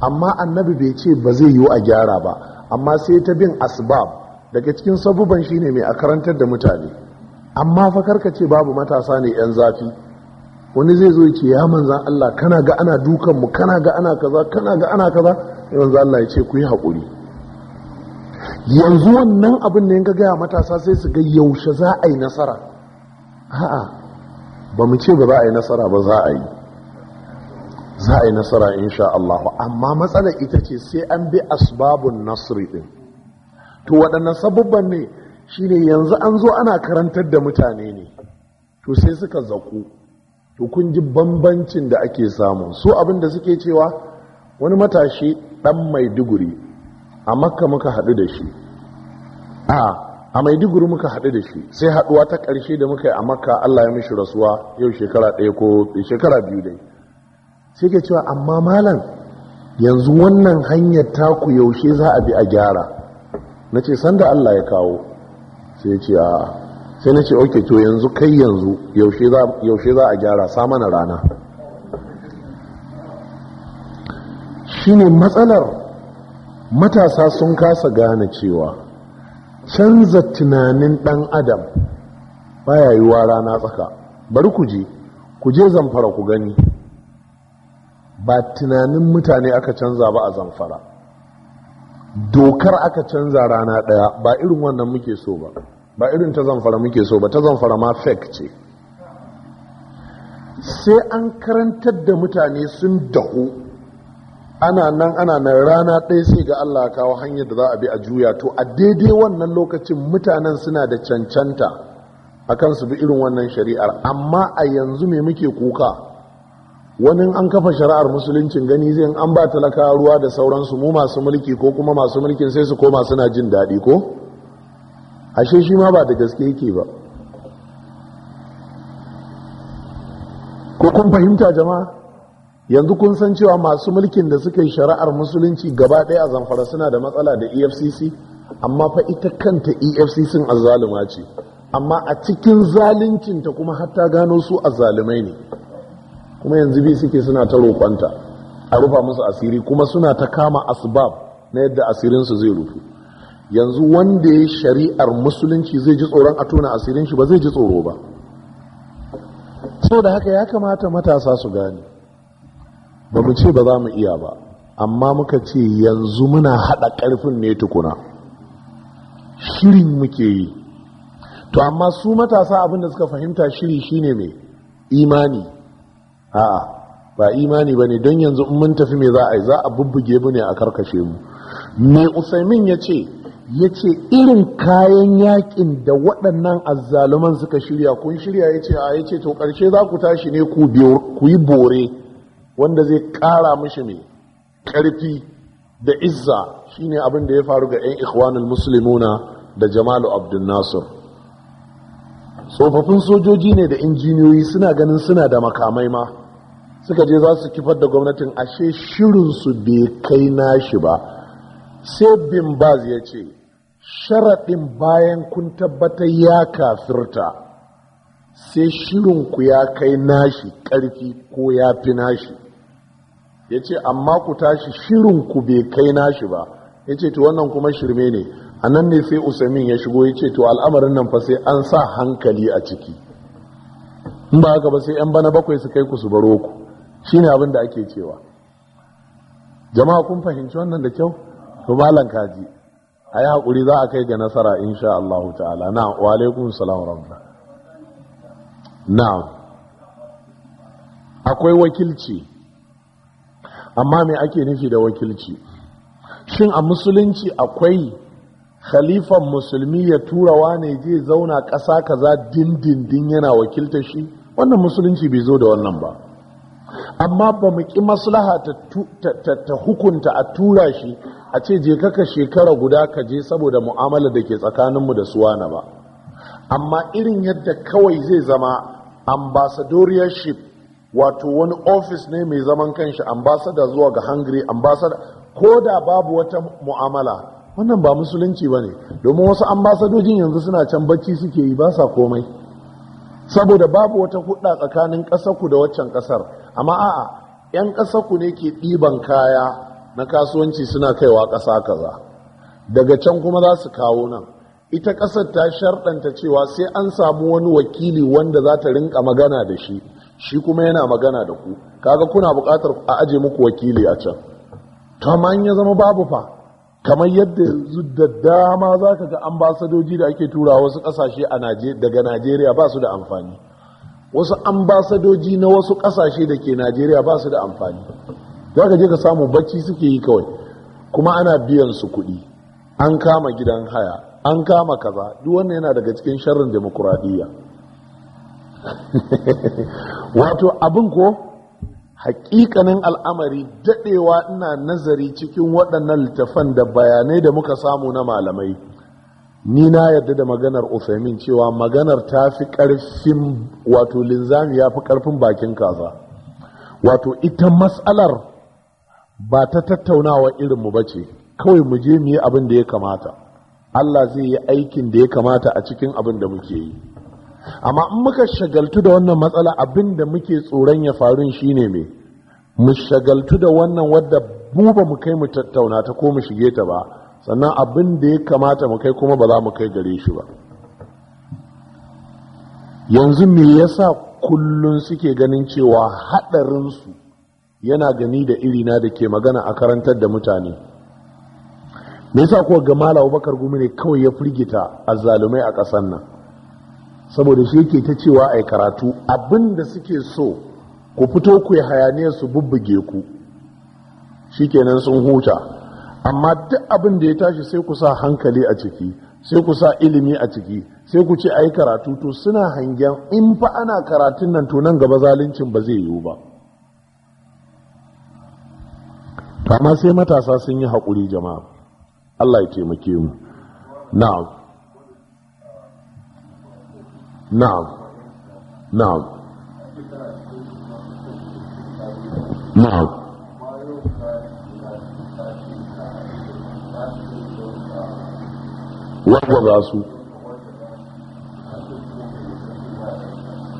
amma annabi bai ce ba zai yiwu a gyara ba amma sai ta bin asbab daga cikin sabuban shine mai a karantar da mutane amma fa karka ce babu matasa ne yan zafi wani zai zo ce ya manzan Allah kana ga ana dukan kana ga ana kaza kana ga ana kaza ya manzan Allah ya ce ku yi haƙuri yanzu wannan abin ne yanka gaya matasa sai su ga yaushe za a yi nasara a'a ba mu ce ba za a yi nasara ba za a yi za a yi nasara sha Allah amma matsalar ita ce sai an bi asbabun nasri din to waɗannan sabubban ne shine yanzu an zo ana karantar da mutane ne to sai suka zaku to kun ji bambancin da ake samu su abin da suke cewa wani matashi dan maiduguri a makka muka haɗu da shi a a maiduguri muka haɗu da shi sai haɗuwa ta ƙarshe da muka yi a maka allah ya mishi rasuwa yau shekara ɗaya ko shekara biyu dai sai ke cewa amma malam yanzu wannan hanyar taku yaushe za a bi a gyara na ce sanda allah ya kawo sai ce a sai na ce oke to yanzu kai yanzu yaushe za a gyara samana rana shine matsalar matasa sun kasa gane cewa canza tunanin dan adam baya yiwa rana tsaka bari ku je ku je zamfara ku gani ba tunanin mutane aka canza ba a zamfara dokar aka canza rana ɗaya ba irin wannan muke so ba ba irin ta zamfara muke so ba ta zamfara ma fake ce sai an karantar da mutane sun dahu ana nan ana nan rana ɗaya sai ga allah kawo hanyar da za a bi a juya to a daidai wannan lokacin mutanen suna da cancanta akan su bi irin wannan shari'ar amma a yanzu me muke kuka wani an kafa shari'ar musuluncin gani zai an ba talakawa ruwa da sauransu mu masu mulki ko kuma masu mulkin sai su koma suna jin daɗi ko ashe shi ma ba da gaske yake ba ko kun fahimta jama'a yanzu kun san cewa masu mulkin da suka yi shari'ar musulunci gaba ɗaya a zamfara suna da matsala da efcc amma fa ita kanta efcc azzaluma ce amma a cikin zaluncinta kuma hatta gano su azzalumai ne kuma yanzu bi suke suna ta roƙonta a rufa musu asiri kuma suna ta kama asbab na yadda asirinsu zai rufu yanzu wanda ya shari'ar musulunci zai ji tsoron a tona asirin shi ba zai ji tsoro ba sau da haka ya kamata matasa su gane ba mu ce ba za mu iya ba amma muka ce yanzu muna haɗa ƙarfin ne tukuna shirin muke yi to amma su matasa abin da suka fahimta shiri shi ne mai imani a'a ba imani ba ne don yanzu in mun tafi mai za a yi za a bubbuge mu ne a karkashe mu me usaimin ya ce ya ce irin kayan yakin da waɗannan azzaluman suka shirya kun shirya ya ce a ya ce to ƙarshe za ku tashi ne ku yi bore wanda zai ƙara mishi mai ƙarfi da izza ne abin da ya faru ga 'yan ikhwanul musulmuna da jamalu abdul nasir tsofaffin sojoji ne da injiniyoyi suna ganin suna da makamai ma suka je za su kifar da gwamnatin ashe shirinsu bai kai nashi ba sai bin baz ya ce sharaɗin bayan kun tabbatar ya kafirta sai shirinku ya kai nashi ƙarfi ko ya fi nashi ya ce amma ku tashi shirinku bai kai nashi ba ya ce to wannan kuma shirme ne a nan ne sai usamin ya shigo ya ce to al'amarin nan fa sai an sa hankali a ciki in ba haka ba sai 'yan bana bakwai su kai ku su baro ku shi ne abin da ake cewa jama'a kun fahimci wannan da kyau to malam kaji a yi haƙuri za a kai ga nasara insha Allah ta'ala na walaikun salamun rabba na akwai wakilci amma mai ake nufi da wakilci shin a musulunci akwai khalifan musulmi ya turawa ne zai zauna ƙasa kaza dindindin yana wakilta shi wannan musulunci bai zo da wannan ba amma ba mu ƙi maslaha ta hukunta a tura shi a ce je kaka shekara guda ka je saboda mu'amala da ke tsakaninmu da suwana ba amma irin yadda kawai zai zama ambassadorship wato wani ofis ne mai zaman kanshi ambassador zuwa ga hungary ambassador ko da babu wata mu'amala wannan ba musulunci ba ne domin wasu ambasadojin yanzu suna can bacci suke yi ba sa komai saboda babu wata hudda tsakanin ƙasarku da waccan ƙasar amma a'a 'yan ƙasarku ne ke ɗiban kaya na kasuwanci suna kaiwa ƙasa kaza daga can kuma za su kawo nan ita ƙasar ta sharɗanta cewa sai an samu wani wakili wanda za ta rinka magana da shi shi kuma yana magana da ku kaga kuna buƙatar a aje muku wakili a can kama ya zama babu fa kamar yadda yanzu da dama za ka ga ambasadoji da ake tura wasu ƙasashe daga najeriya ba su da amfani wasu ambasadoji na wasu ƙasashe da ke najeriya ba su da amfani za ka je ka samu bacci suke yi kawai kuma ana biyan su kuɗi an kama gidan haya an kama kaza duk wannan yana daga cikin sharrin demokuraɗiyya wato abin ko hakikanin al'amari daɗewa ina nazari cikin waɗannan littafan da bayanai da muka samu na malamai ni na yarda da maganar ofemin cewa maganar ta fi ƙarfin wato linzami ya fi ƙarfin bakin kaza wato ita matsalar ba ta tattaunawa irinmu ba ce kawai mu je mu yi abin da ya kamata Allah zai yi aikin da ya kamata a cikin abin da muke yi amma in muka shagaltu da wannan matsala abin da muke tsoron ya faru shine me mu shagaltu da wannan wadda buba mu kai mu tattauna ta ko mu shige ta ba sannan abin da ya kamata mu kai kuma ba za mu kai gare shi ba yanzu me yasa kullun suke ganin cewa haɗarinsu yana gani da irina da ke magana a karantar da mutane me yasa kuwa ga malam Bakar Gumi ne kawai ya firgita a zalumai a ƙasar nan saboda shi yake ta cewa a karatu abinda suke so ku fito ku yi hayaniyar su bubbuge ku shi kenan sun huta amma duk abin ya tashi sai ku sa hankali a ciki sai ku sa ilimi a ciki sai ku ce yi karatu to suna hangen in fa ana karatun nan to nan gaba zaluncin ba zai yiwu ba amma sai matasa sun yi haƙuri jama'a Allah ya taimake mu na'am na'am na'am na'am wagwaga su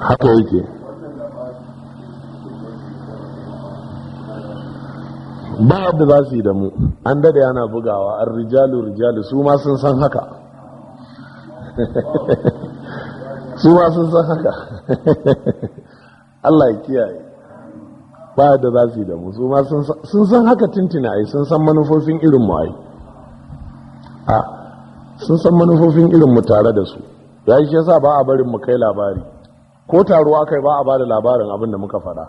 haka yake ba abu za su yi da mu an dade yana bugawa an rijalu rijalu su ma sun san haka su ma sun san haka Allah ya kiyaye ba da za su yi da mu su ma sun san haka tintina ai sun san manufofin irin mu ai a sun san manufofin irin mu tare da su ya shi yasa ba a barin mu kai labari ko taro aka yi ba a ba da labarin abin da muka faɗa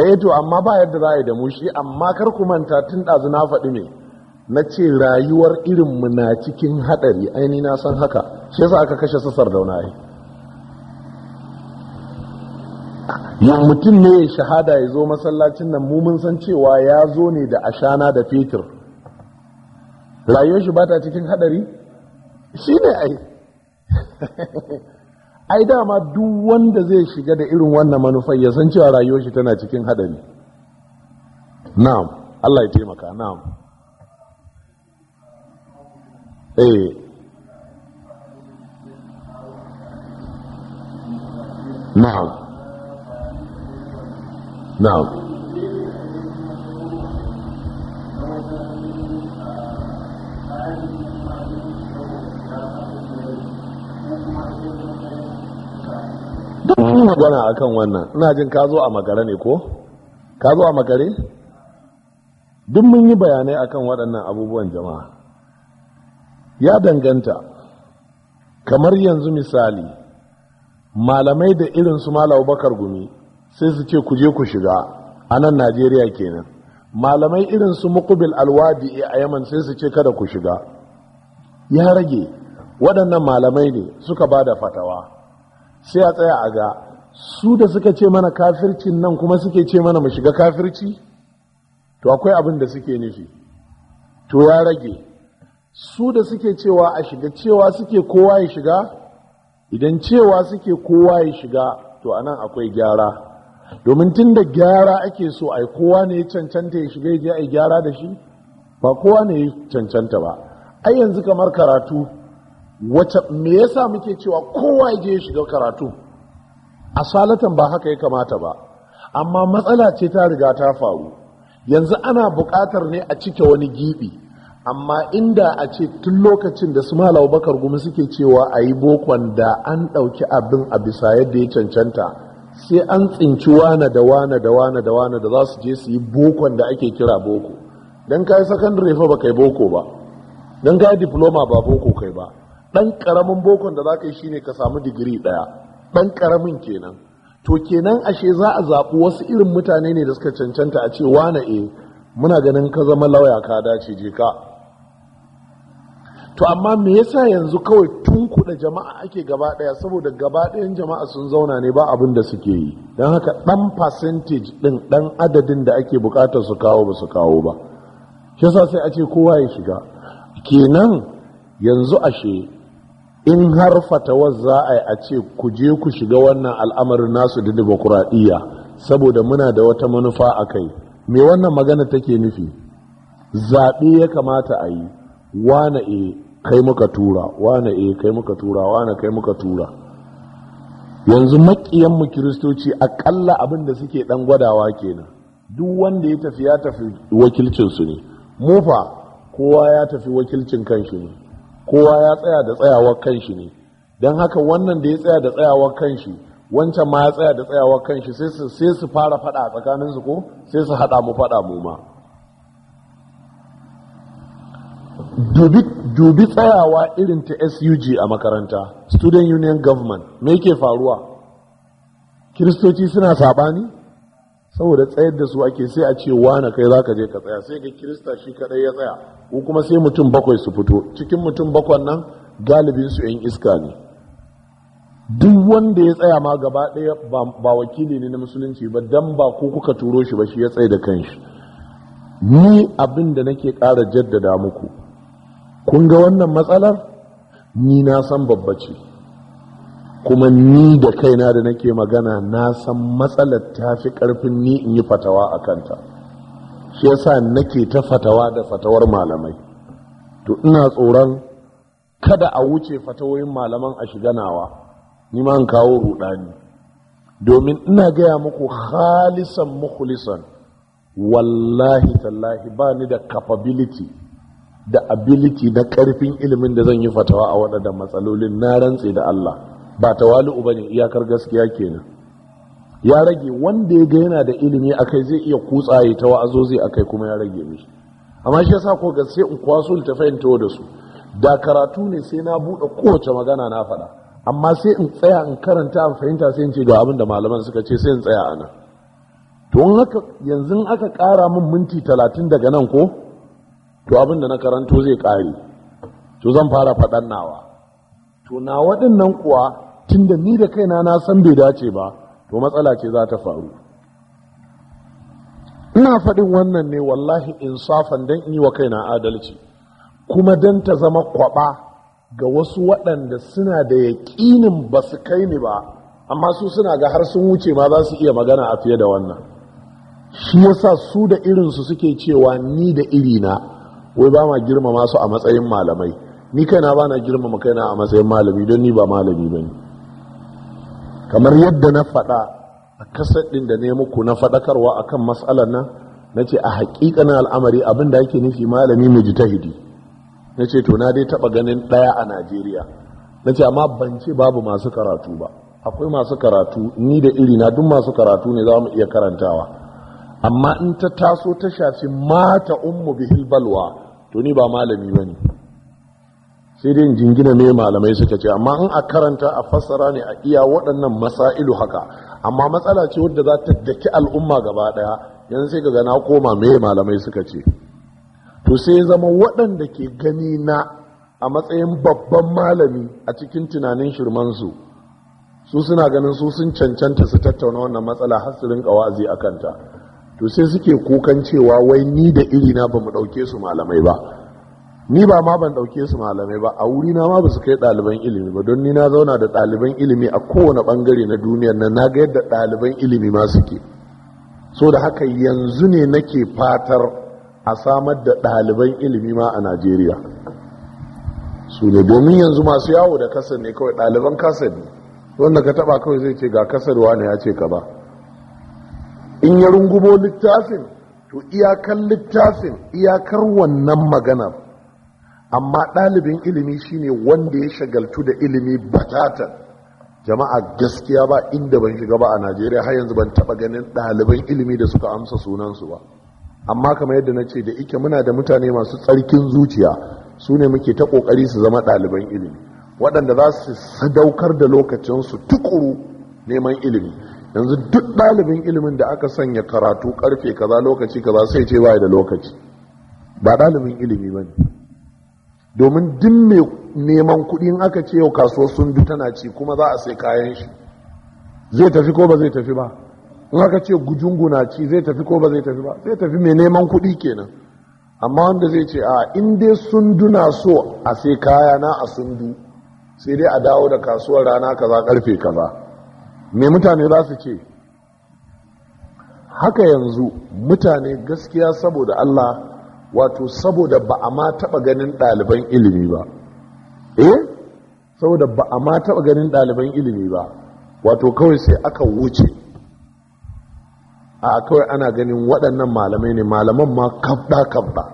eh to amma ba yadda za a yi da mu shi amma kar ku manta tun ɗazu na faɗi ne na ce rayuwar irin mu na cikin haɗari aini na san haka shi yasa aka kashe sassar dauna ai ya mutum ne ya shahada ya zo masallacin nan mu mun san cewa ya zo ne da ashana da fetur rayuwar shi ba ta cikin haɗari shi ne ai ai dama duk wanda zai shiga da irin wannan manufar ya san cewa rayuwar shi tana cikin haɗari na'am Allah ya taimaka na'am eh na'am na'am duk magana akan wannan ina jin ka zo a makare ne ko ka zo a makare duk mun yi bayanai akan waɗannan abubuwan jama'a ya danganta kamar yanzu misali malamai da irin su malau bakar gumi sai su ce ku je ku shiga a nan najeriya kenan malamai irin su mukubil alwadi a yaman sai su ce kada ku shiga ya rage waɗannan malamai ne suka ba da fatawa sai a tsaya a ga su da suka ce mana kafircin nan kuma suke ce mana mu shiga kafirci to akwai abin da suke nufi to ya rage su da suke cewa a shiga cewa suke kowa ya shiga idan cewa suke kowa ya shiga to anan akwai gyara domin tun da gyara ake so ai kowa ne ya cancanta ya shiga ya je yi gyara da shi ba kowa ne ya cancanta ba ai yanzu kamar karatu wata me yasa muke cewa kowa ya je shiga karatu Salatan ba haka ya kamata ba amma matsala ce ta riga ta faru yanzu ana buƙatar ne a cike wani gibi amma inda a ce tun lokacin da su malawa bakar gumi suke cewa a yi bokon da an ɗauki abin a bisa yadda ya cancanta sai an tsinci wane da wane da wane da wane da za su je su yi bokon da ake kira boko don ka yi sakandare fa ba kai boko ba don ka yi diploma ba boko kai ba ɗan ƙaramin bokon da za ka yi shine ka samu digiri ɗaya ɗan ƙaramin kenan to kenan ashe za a zaɓi wasu irin mutane ne da suka cancanta a ce wane e muna ganin ka zama lauya ka dace je ka to amma me yasa yanzu kawai tun kuɗa jama'a ake gaba ɗaya saboda gaba ɗayan jama'a sun zauna ne ba abin da suke yi don haka ɗan percentage ɗin ɗan adadin da ake buƙatar su kawo ba su kawo ba shi yasa sai a ce kowa ya shiga kenan yanzu ashe in har fatawar za a yi a ce ku je ku shiga wannan al'amarin nasu da demokuraɗiyya saboda muna da wata manufa a kai me wannan magana take nufi zaɓe ya kamata a yi wane e kai muka tura wane e kai muka tura wane kai muka tura yanzu maƙiyanmu kiristoci akalla abin da suke ɗan gwadawa kenan duk wanda ya tafi ya tafi wakilcinsu ne Mufa kowa ya tafi wakilcin kanshi ne kowa ya tsaya da tsayawar kanshi ne don haka wannan da ya tsaya da tsayawar kanshi wancan ma ya tsaya da tsayawar kanshi sai su fara fada a tsakaninsu ko sai su hada mu fada mu ma dubi tsayawa irin ta sug a makaranta student union government me ke faruwa kiristoci suna sabani saboda tsayar da su ake sai a ce wane kai za ka je ka tsaya sai ga kirista shi kadai ya tsaya ko kuma sai mutum bakwai su fito cikin mutum bakwan nan galibin su yan iska ne duk wanda ya tsaya ma gaba ɗaya ba wakili ne na musulunci ba dan ba ko kuka turo shi ba shi ya tsaye da kanshi ni abin da nake ƙara jaddada muku kun ga wannan matsalar ni na san babba ce kuma ni da kaina da nake magana na san matsalar ta fi ƙarfin ni in yi fatawa a kanta shi yasa nake ta fatawa da fatawar malamai to ina tsoron kada a wuce fatawoyin malaman a shiga nawa nima kawo rudani domin ina gaya muku halisan mukhlisan wallahi tallahi ba ni da capability da ability na karfin ilimin da zan yi fatawa a waɗanda matsalolin na rantse da Allah ba tawali'u bane iyakar gaskiya kenan ya rage wanda ya ga yana da ilimi akai zai iya kutsa ya ta wa'azozi akai kuma ya rage mishi amma shi yasa ko ga sai in kwaso fahimta tawo da su da karatu ne sai na buɗe kowace magana na faɗa amma sai in tsaya in karanta in fahimta sai in ce ga abin da malaman suka ce sai in tsaya a nan to in haka yanzu aka ƙara min minti talatin daga nan ko to abin da na karanto zai ƙare to zan fara faɗan nawa to na waɗannan kuwa tunda ni da kaina na san bai dace ba to matsala ce za ta faru ina faɗin wannan ne wallahi insafan don in yi wa kaina adalci kuma don ta zama kwaɓa ga wasu waɗanda suna da yaƙinin ba su kai ni ba amma su suna ga har sun wuce ma za su iya magana a fiye da wannan shi yasa su da irinsu suke cewa ni da irina wai ba ma girmama su a matsayin malamai ni kaina ba na girmama kaina a matsayin malami don ni ba malami ba ne kamar yadda na faɗa a ɗin da ne muku na faɗakarwa a kan matsalar nan na ce a haƙiƙanin al'amari abin da ake nufi malami mai jitahidi na ce to na dai taɓa ganin ɗaya a najeriya na ce amma ban ce babu masu karatu ba akwai masu karatu ni da iri na duk masu karatu ne za mu iya karantawa amma in ta taso ta shafi mata ummu bihil to ni ba malami ba ne sai dai jingina ne malamai suka ce amma in a karanta a fassara ne a iya waɗannan masailu haka amma matsala ce wadda za ta daki al'umma gaba ɗaya yanzu sai ga na koma me malamai suka ce to sai zama waɗanda ke gani na a matsayin babban malami a cikin tunanin shirmansu su suna ganin su sun cancanta su tattauna wannan matsala har su rinka wa'azi a kanta to sai suke kukan cewa wai ni da irina ba mu ɗauke su malamai ba ni ba ma ban ɗauke su malamai ba a wuri na ma ba su kai ɗaliban ilimi ba don ni na zauna da ɗaliban ilimi a kowane ɓangare na duniyar nan na ga yadda ɗaliban ilimi ma suke so da haka yanzu ne nake fatar a samar da ɗaliban ilimi ma a najeriya su ne domin yanzu masu yawo da kasar ne kawai ɗaliban kasar ne wanda ka taba kawai zai ce ga kasarwa ne ya ce ka ba in ya rungumo littafin to iyakar littafin iyakar wannan maganar amma ɗalibin ilimi shine wanda ya shagaltu da ilimi batatan jama'a gaskiya ba inda ban shiga ba a najeriya har yanzu ban taɓa ganin ɗaliban ilimi da suka amsa sunansu ba amma kamar yadda na ce da ike muna da mutane masu tsarkin zuciya su ne muke ta ƙoƙari su zama ɗaliban ilimi waɗanda za su sadaukar da lokacinsu tukuru neman ilimi yanzu duk ɗalibin ilimin da aka sanya karatu ƙarfe kaza lokaci kaza sai ce ba da lokaci ba ɗalibin ilimi ba ne domin din mai neman kuɗi in aka ce yau kasuwar sun bi tana ci kuma za a sai kayan shi zai tafi ko ba zai tafi ba in aka ce gujungu na ci zai tafi ko ba zai tafi ba zai tafi mai neman kuɗi kenan amma wanda zai ce a in dai na so a sai kaya na a sundu sai dai a dawo da kasuwar rana kaza karfe kaza me mutane za su ce haka yanzu mutane gaskiya saboda Allah wato saboda ba a ma taɓa ganin ɗaliban ilimi ba eh saboda ba a ma taɓa ganin ɗaliban ilimi ba wato kawai sai aka wuce a kawai ana ganin waɗannan malamai ne malaman ma kafɗa kafɗa.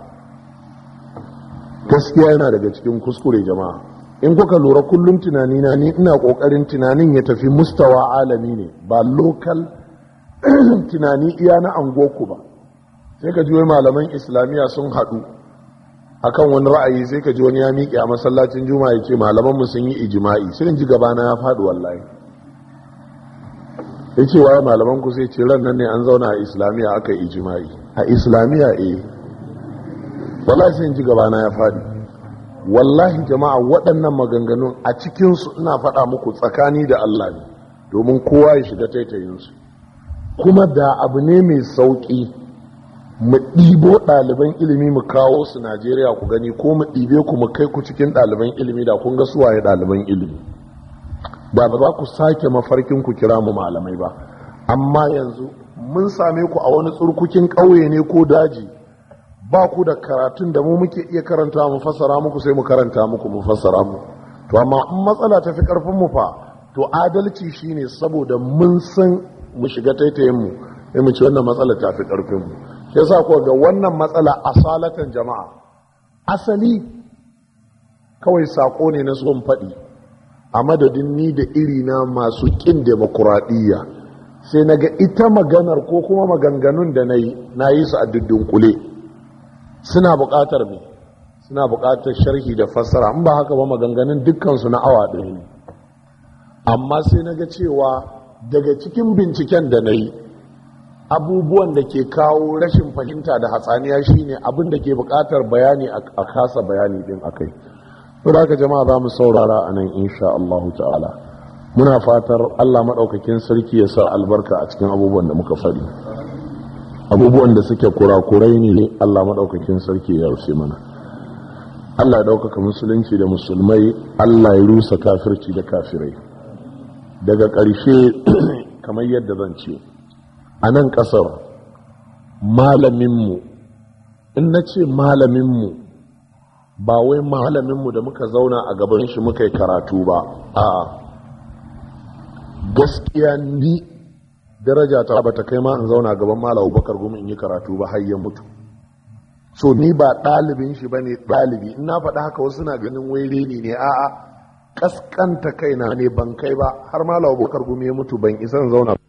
gaskiya yana daga cikin kuskure jama'a in kuka lura kullum tunani na ni ina ƙoƙarin tunanin ya tafi mustawa alami ne ba lokal tunani iya na angoku ba sai ka ji wai malaman islamiyya sun haɗu a kan wani ra'ayi sai ka ji wani ya miƙe a masallacin juma'a ya ce malaman sun yi ijima'i sai ji gabana ya faɗi wallahi ya ce waye malaman ku sai ce ran nan ne an zauna a islamiyya aka yi ijima'i a islamiyya eh wallahi sai ji gabana ya faɗi wallahi jama'a waɗannan maganganun a cikinsu ina faɗa muku tsakani da Allah ne domin kowa ya shiga taitayinsu kuma da abu ne mai sauƙi mu ɗibo ɗaliban ilimi mu kawo su najeriya ku gani ko mu ɗibe ku mu kai ku cikin ɗaliban ilimi da kun ga su waye ɗaliban ilimi ba ba za ku sake mafarkin ku kira mu malamai ba amma yanzu mun same ku a wani tsurkukin ƙauye ne ko daji ba ku da karatun da mu muke iya karanta mu fassara muku sai mu karanta muku mu fassara mu to amma in matsala ta fi ƙarfin mu fa to adalci shine saboda mun san mu shiga taitayen mu sai mu ci wannan matsala ta fi ƙarfin mu yasa ko ga wannan matsala a salatan jama'a asali kawai saƙo ne na tsohon faɗi a madadin ni da irina masu ƙin demokuraɗiyya sai na ga ita maganar ko kuma maganganun da na yi na yi su a kule, suna buƙatar me suna buƙatar sharhi da fassara in ba haka ba maganganun dukkansu na awa ɗaya amma sai na ga cewa daga cikin binciken da na yi abubuwan da ke kawo rashin fahimta da hatsaniya shine abin da ke bukatar bayani a kasa bayani din akai saboda haka jama'a za mu saurara a nan insha Allah ta'ala muna fatar Allah maɗaukakin sarki ya sa albarka a cikin abubuwan da muka faɗi abubuwan da suke kurakurai ne Allah maɗaukakin sarki ya rufe mana Allah ya ɗaukaka musulunci da musulmai Allah ya rusa kafirci da kafirai daga ƙarshe kamar yadda zan ce a nan ƙasar malaminmu in na ce malaminmu ba wai malaminmu da muka zauna a gaban shi muka yi karatu ba a gaskiya ni daraja ta ba ta kai ma in zauna gaban mala bakar gumi in yi karatu ba har ya mutu so ni ba ɗalibin shi ba ne ɗalibi ina faɗa haka wasu na ganin wai reni ne a'a ƙasƙanta kaina ne ban kai ba har mala bakar gumi ya mutu ban isan zauna ba.